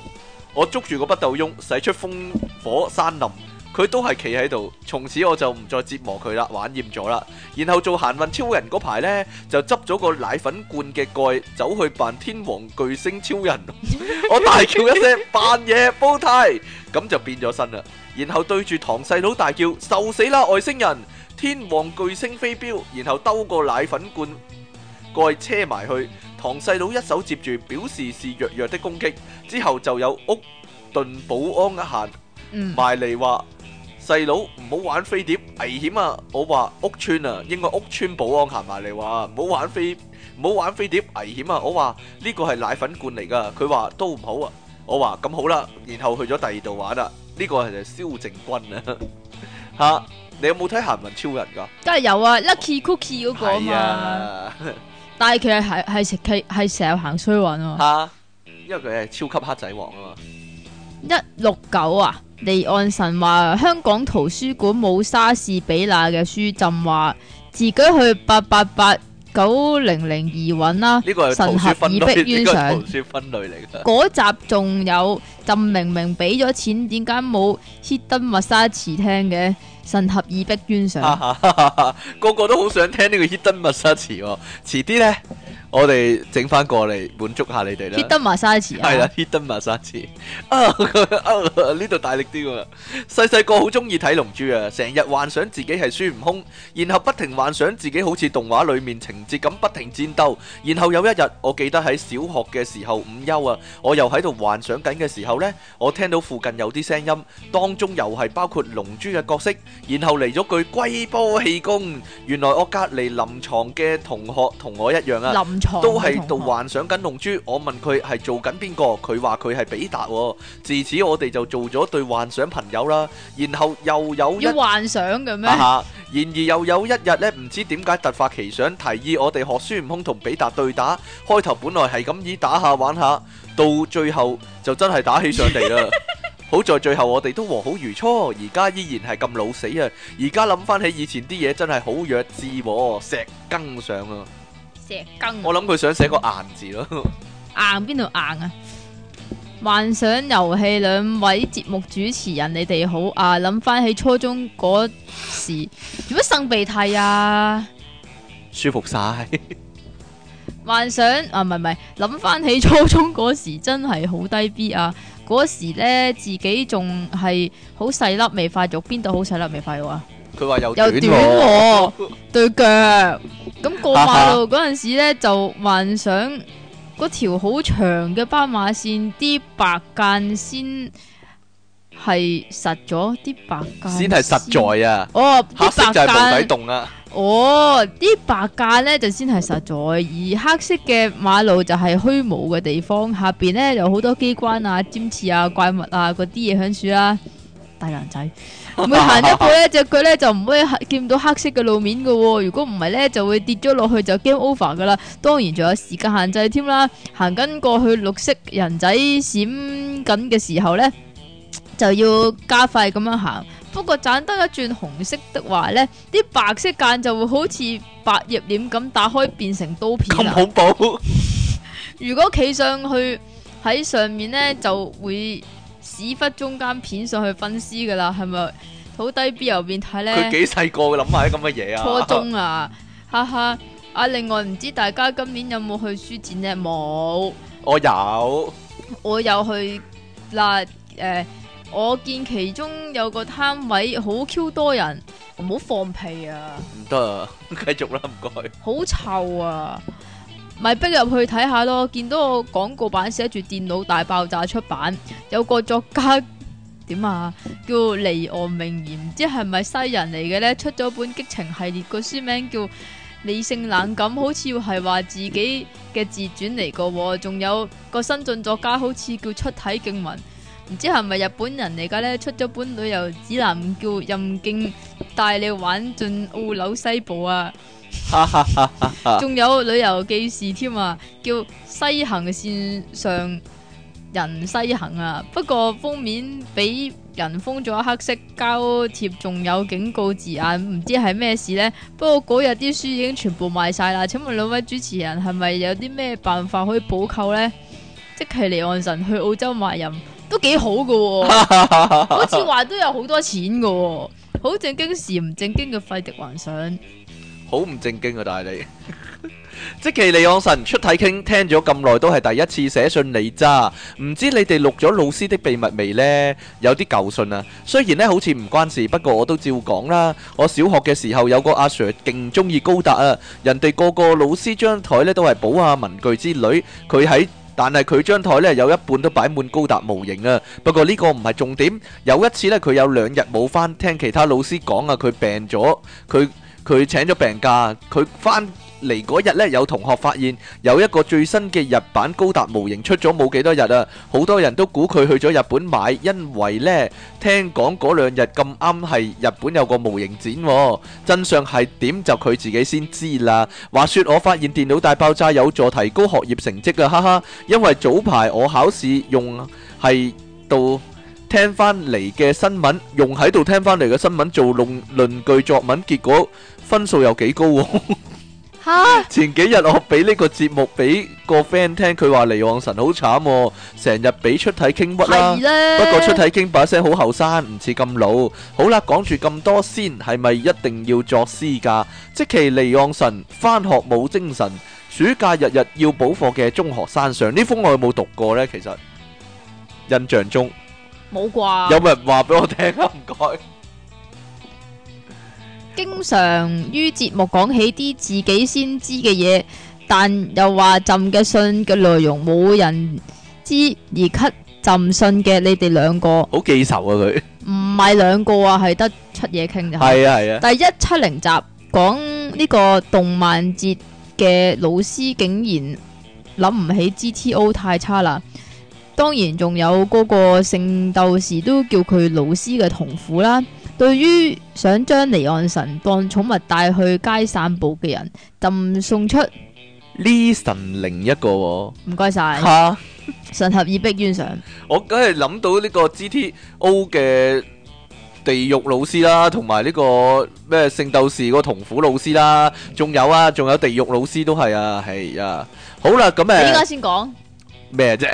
我捉住個不倒翁，使出風火山林，佢都係企喺度。從此我就唔再折磨佢啦，玩厭咗啦。然後做行運超人嗰排呢，就執咗個奶粉罐嘅蓋，走去扮天王巨星超人。 我大叫一聲扮嘢煲呔，咁就變咗身啦。然後對住堂細佬大叫受死啦外星人！天王巨星飛鏢，然後兜個奶粉罐蓋車埋去。唐細佬一手接住，表示是弱弱的攻擊，之後就有屋盾保安行埋嚟話：細佬唔好玩飛碟，危險啊！我話屋邨啊，應該屋邨保安行埋嚟話唔好玩飛，唔好玩飛碟，危險啊！我話呢個係奶粉罐嚟噶，佢話都唔好啊！我話咁好啦，然後去咗第二度玩啦。呢個係蕭正君啊，吓你有冇睇《行雲超人》噶？梗係有啊，Lucky Cookie 嗰個嘛。但係佢係係係成日行衰運啊！吓，因為佢係超級黑仔王啊嘛！一六九啊，離岸神話香港圖書館冇莎士比亞嘅書，朕話自己去八八八九零零二揾啦。呢個係圖書分類，呢個圖書分類嚟嘅。嗰集仲有朕明明俾咗錢，點解冇希登密沙池聽嘅？神合以逼冤上， 個個都好想聽呢個 hidden massage 詞哦，遲啲呢？我哋整翻過嚟滿足下你哋啦。Hitman 沙士係啦，Hitman 沙士啊！呢度大力啲啊！細細個好中意睇龍珠啊，成日幻想自己係孫悟空，然後不停幻想自己好似動畫裏面情節咁不停戰鬥。然後有一日，我記得喺小學嘅時候午休啊，我又喺度幻想緊嘅時候呢，我聽到附近有啲聲音，當中又係包括龍珠嘅角色，然後嚟咗句龜波氣功。原來我隔籬臨床嘅同學同我一樣啊！都係度幻想緊龍珠，我問佢係做緊邊個？佢話佢係比達、哦。自此我哋就做咗對幻想朋友啦。然後又有一日、幻想嘅咩、啊？然而又有一日呢，唔知點解突發奇想，提議我哋學孫悟空同比達對打。開頭本來係咁意打下玩下，到最後就真係打起上嚟啦。 好在最後我哋都和好如初，而家依然係咁老死啊。而家諗翻起以前啲嘢，真係好弱智、哦、石更上啊！我諗佢想寫個硬字咯，硬邊度硬啊？幻想遊戲兩位節目主持人，你哋好啊！諗翻起初中嗰時，有冇生鼻涕啊？舒服晒 。幻想啊，唔係唔係，諗翻起初中嗰時真係好低 B 啊！嗰時呢，自己仲係好細粒未發育，邊度好細粒未發育啊？佢話又短喎，對 腳咁過馬路嗰陣時咧，就幻想嗰條好長嘅斑馬線，啲白間先係實咗，啲白間先係實在啊！哦，黑色就係無底洞啊，哦，啲白間哦，啲白間咧就先係實在，而黑色嘅馬路就係虛無嘅地方，下邊咧有好多機關啊、尖刺啊、怪物啊嗰啲嘢喺處啦。大男仔，每行一步咧， 隻腳咧就唔可以見到黑色嘅路面嘅，哦。如果唔係咧，就會跌咗落去就 game over 噶啦。當然仲有時間限制添啦。行緊過去綠色人仔閃緊嘅時候咧，就要加快咁樣行。不過盞燈一轉紅色的話咧，啲白色間就會好似百葉簾咁打開，變成刀片咁好補。 如果企上去喺上面咧，就會，屎忽中間片上去分屍噶啦，係咪？好低 B 又變態咧！佢幾細個嘅諗下啲咁嘅嘢啊？初中啊，哈哈！啊，另外唔知大家今年有冇去書展咧？冇。我有。我有去嗱，誒、呃，我見其中有個攤位好 Q 多人，唔好放屁啊！唔得啊，繼續啦，唔該。好臭啊！咪逼入去睇下咯，見到個廣告版寫住《電腦大爆炸》出版，有個作家點啊叫離岸明言，唔知係咪西人嚟嘅呢？出咗本激情系列個書名叫《理性冷感》，好似係話自己嘅自傳嚟個，仲有個新晉作家好似叫出體敬文，唔知係咪日本人嚟嘅呢？出咗本旅遊指南叫《任敬帶你玩盡澳紐西部》啊！哈哈哈！仲 有旅遊記事添啊，叫《西行線上人西行》啊，不過封面俾人封咗黑色膠貼，仲有警告字眼，唔知係咩事呢、啊。不過嗰日啲書已經全部賣晒啦。請問兩位主持人係咪有啲咩辦法可以補購呢？即係離岸神去澳洲賣人，都幾好噶、啊， 好似話都有好多錢噶、啊，好正經時唔正經嘅費迪幻想。好唔正經啊！大你，即積淇離岸神出體 king 聽咗咁耐都係第一次寫信嚟咋？唔知你哋錄咗老師的秘密未呢？有啲舊信啊。雖然呢好似唔關事，不過我都照講啦。我小學嘅時候有個阿 Sir 勁中意高達啊。人哋個個老師張台呢都係補下文具之類，佢喺但係佢張台呢有一半都擺滿高達模型啊。不過呢個唔係重點。有一次呢，佢有兩日冇返，聽其他老師講啊，佢病咗，佢。佢請咗病假，佢翻嚟嗰日呢，有同學發現有一個最新嘅日版高達模型，出咗冇幾多日啊，好多人都估佢去咗日本買，因為呢聽講嗰兩日咁啱係日本有個模型展喎，真相係點就佢自己先知啦。話說我發現電腦大爆炸有助提高學業成績啊，哈哈，因為早排我考試用係到。聽翻嚟嘅新聞，用喺度聽翻嚟嘅新聞做論論據作文，結果分數又幾高喎！嚇！前幾日我俾呢個節目俾個 friend 聽，佢話離岸神好慘，成日俾出體 king 屈啦。不過出體 king 把聲好後生，唔似咁老。好啦，講住咁多先，係咪一定要作詩㗎？即其離岸神翻學冇精神，暑假日日要補課嘅中學生上呢封我有冇讀過咧？其實印象中。冇啩？有冇人話俾我聽啊？唔該。 經常於節目講起啲自己先知嘅嘢，但又話朕嘅信嘅內容冇人知而咳朕信嘅，你哋兩個好記仇啊，佢唔係兩個啊，係得出嘢傾就係啊係啊！ 第一七零集講呢個動漫節嘅老師竟然諗唔起 GTO 太差啦。當然仲有嗰個聖鬥士都叫佢老師嘅童虎啦。對於想將離岸神當寵物帶去街散步嘅人，就送出呢神另一個，喔。唔該晒吓，哈神合意必冤上。我梗係諗到呢個 G T O 嘅地獄老師啦，同埋呢個咩聖鬥士個童虎老師啦，仲有啊，仲有地獄老師都係啊，係啊，好啦，咁誒，依家先講。咩啫？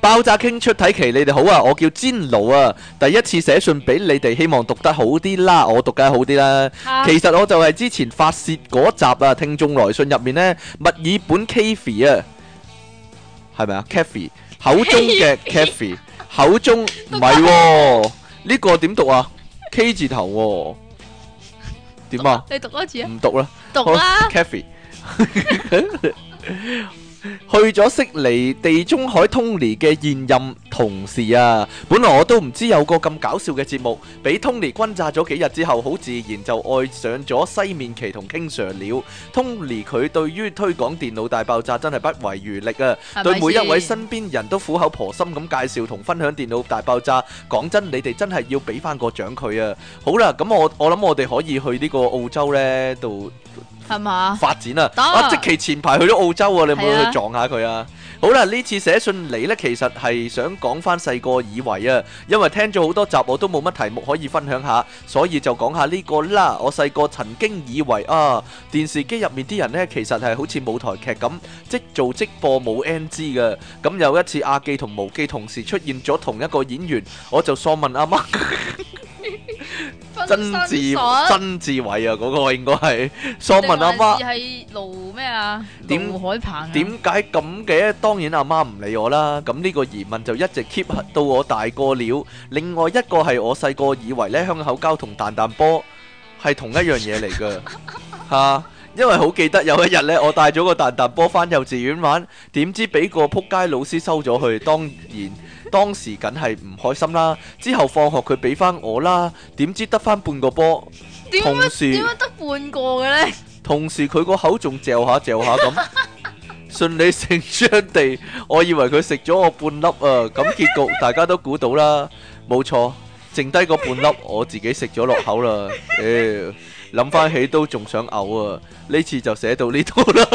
爆炸傾出體 King，你哋好啊！我叫煎爐啊，第一次寫信俾你哋，希望讀得好啲啦，我讀梗好啲啦。其實我就係之前發泄嗰集啊，聽眾來信入面呢，墨爾本 Kathy 啊，係咪啊？Kathy，口中嘅 Kathy，口中唔係。呢個點讀啊？K 字頭喎，點啊？你讀多次？唔讀啦，讀啦，Kathy。去咗悉尼地中海，Tony 嘅現任同事啊！本來我都唔知有個咁搞笑嘅節目，俾 Tony 轟炸咗幾日之後，好自然就愛上咗西面奇同 King Sir 了。Tony 佢對於推廣電腦大爆炸真係不遺餘力啊！是是對每一位身邊人都苦口婆心咁介紹同分享電腦大爆炸。講真，你哋真係要俾翻個獎佢啊！好啦，咁我我諗我哋可以去呢個澳洲呢度。係發展啊！啊！積淇前排去咗澳洲啊！你有冇去撞下佢啊？啊，好啦，呢次寫信嚟呢，其實係想講翻細個以為啊，因為聽咗好多集我都冇乜題目可以分享下，所以就講下呢個啦。我細個曾經以為啊，電視機入面啲人呢，其實係好似舞台劇咁，即做即播冇 NG 字嘅。咁有一次阿記同無記同時出現咗同一個演員，我就喪問阿、啊、媽。 曾志曾志偉啊，嗰個應該係。我問阿媽係盧咩啊？盧海鵬點解咁嘅？當然阿媽唔理我啦。咁呢個疑問就一直 keep 到我大個了。另外一個係我細個以為呢香口膠同彈彈波係同一樣嘢嚟噶吓，因為好記得有一日呢，我帶咗個彈彈波返幼稚園玩，點知俾個扑街老師收咗去，當然。當時梗係唔開心啦，之後放學佢俾翻我啦，點知得翻半個波？點解點解得半個嘅咧？同時佢個口仲嚼下嚼下咁，順理成章地，我以為佢食咗我半粒啊！咁結局大家都估到啦，冇錯，剩低個半粒我自己食咗落口啦。唉諗翻起都仲想嘔啊！呢次就寫到呢度啦。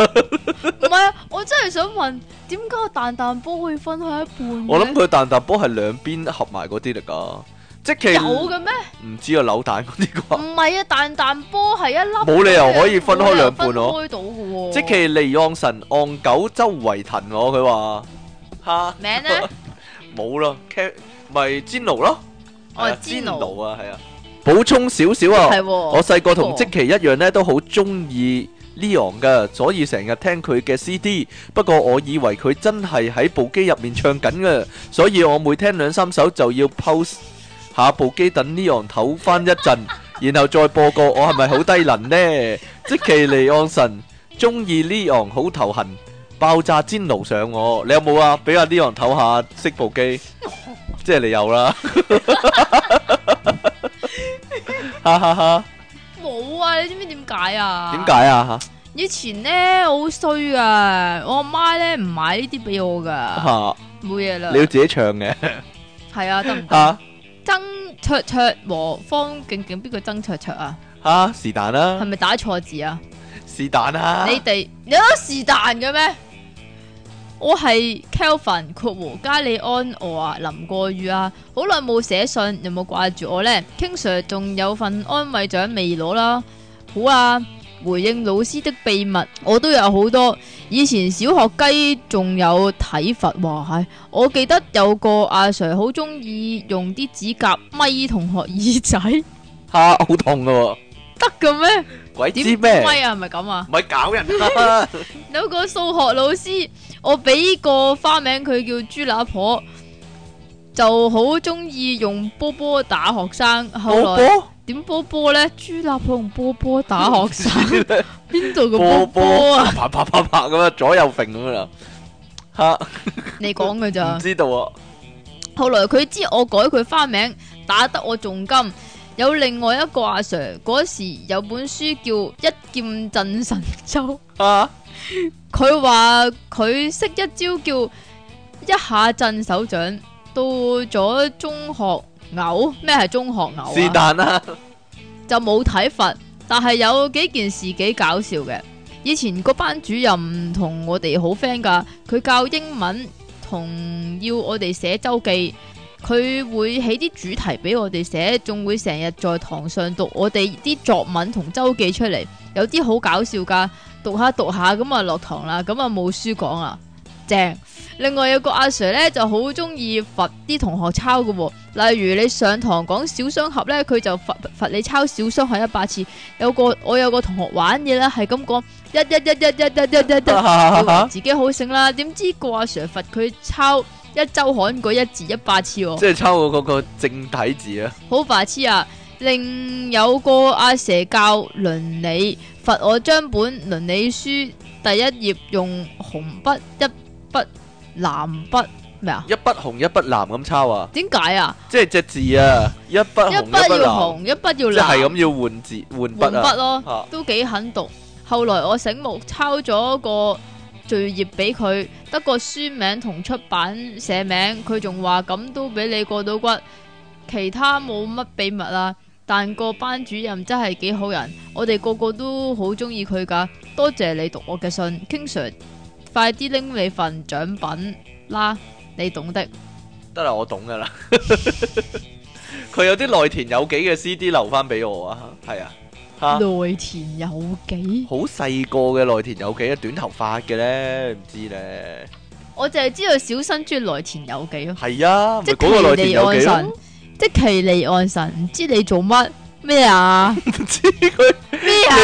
唔係啊！我真係想問，點解個彈彈波會分開一半？我諗佢彈彈波係兩邊合埋嗰啲嚟噶。積淇有嘅咩？唔知啊，扭蛋嗰啲啩。唔係啊，彈彈波係一粒，冇理由可以分開兩半咯。積淇離岸神按九周圍騰我，佢話吓名咧冇啦，咪煎爐咯。哦，煎爐啊，係啊。補充少少啊，我細個同積淇一樣咧，都好中意 Leon 嘅，所以成日聽佢嘅 CD。不過我以為佢真係喺部機入面唱緊嘅，所以我每聽兩三首就要 pause 下部機，等 Leon 唞翻一陣，然後再播過。我係咪好低能呢？積淇離岸神中意 Leon 好頭痕，爆炸煎爐上我。你有冇啊？俾阿 Leon 唞下熄部機，即係你有啦。哈哈哈！哈哈哈！哈哈哈！哈哈哈！冇啊！你知唔知點解啊？點解啊？以前咧我好衰啊，我阿媽咧唔買呢啲俾我噶，冇嘢啦。你要自己唱嘅，係啊，得唔得？曾卓卓和方景景邊個曾卓卓啊？吓、啊、是但啦，係咪打錯字啊？是但啊？你哋你都「是但」嘅咩？我係 Kelvin，括弧）加利安我啊林過宇啊，好耐冇寫信，有冇掛住我咧？King Sir 仲有份安慰獎未攞啦，好啊！回應老師的秘密，我都有好多。以前小學雞仲有體罰，哇係！我記得有個阿 Sir 好中意用啲指甲咪同學耳仔，吓好、啊、痛咯、哦，得嘅咩？鬼知咩咪啊？係咪咁啊？唔係搞人啊！ 有個數學老師。我俾個花名佢叫豬乸婆，就好中意用波波打學生。後來點波波咧？豬乸婆用波波打學生，邊度 個波波啊？啪啪啪啪咁樣，左右揈咁樣。吓，你講噶咋？唔知道啊。後來佢知我改佢花名，打得我仲甘。有另外一個阿、啊、Sir，嗰時有本書叫一劍陣《一劍震神州》啊。佢話佢識一招叫一下震手掌，到咗中學，牛咩係中學牛是但啦，便啊、就冇體罰。但係有幾件事幾搞笑嘅。以前個班主任同我哋好 friend 噶，佢教英文，同要我哋寫周記，佢會起啲主題俾我哋寫，仲會成日在堂上讀我哋啲作文同周記出嚟，有啲好搞笑噶。讀下讀下咁啊落堂啦，咁啊冇書講啊，正。另外有個阿 Sir 咧就好中意罰啲同學抄噶、哦，例如你上堂講小雙俠咧，佢就罰罰你抄小雙俠一百次。有個我有個同學玩嘢啦，係咁講，一、啊、一、啊、一、啊、一、啊、一、一、一、一，一，自己好醒啦。點知個阿 Sir 罰佢抄一周漢字一字一百次、哦，即係抄我嗰個正體字啊。好白痴啊！另有個阿 Sir 教倫理。罰我將本倫理書第一頁用紅筆一筆藍筆咩啊？一筆紅一筆藍咁抄啊？點解啊？即係隻字啊，一筆紅一筆藍。一筆要紅，一筆要藍。就係咁要換字換筆啊，換筆咯，都幾狠毒。啊。後來我醒目抄咗個序頁俾佢，得個書名同出版社名，佢仲話咁都俾你過到骨，其他冇乜秘密啦、啊。但個班主任真係幾好人，我哋個個都好中意佢噶多謝你讀我嘅信、King Sir，快啲拎你份獎品啦、啊，你懂得。得啦，我懂噶啦佢有啲內田有紀嘅 CD 留翻俾我啊，係啊，吓、啊。內田有紀。好細個嘅內田有紀啊，短頭髮嘅咧，唔知咧。我淨係知道，知道小新追內田有紀、啊、咯。係啊，即係嗰個內田有紀積淇離岸神，唔知你做乜咩啊？唔知佢咩啊？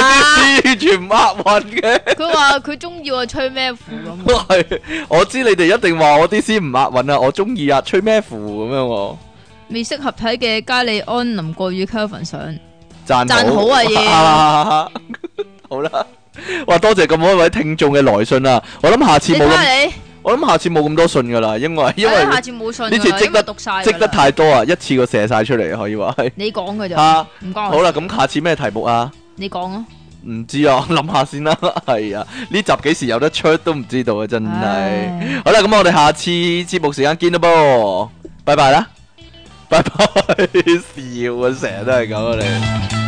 啲詩全唔押韻嘅。佢話佢中意我吹咩符咁。係，我知你哋一定話我啲詩唔押韻啊！我中意啊，吹咩符咁、啊、樣。未適合睇嘅加利安林過於 Kelvin 上，讚讚好，好啊嘢。哇要 好啦，哇！多謝咁多位聽眾嘅來信啊！我諗下次冇咁，你睇你。我諗下次冇咁多信噶啦，因為因為你下次冇信，呢次積得讀晒，積得太多啊！一次過射晒出嚟，可以話係你講嘅啫，唔該下。好啦，咁下次咩題目啊？你講咯，唔知我啊，諗下先啦。係啊，呢集幾時有得出都唔知道啊！真係。唉好啦，咁我哋下次節目時間見啦噃，拜拜啦，拜拜。笑,笑啊，成日都係咁啊你。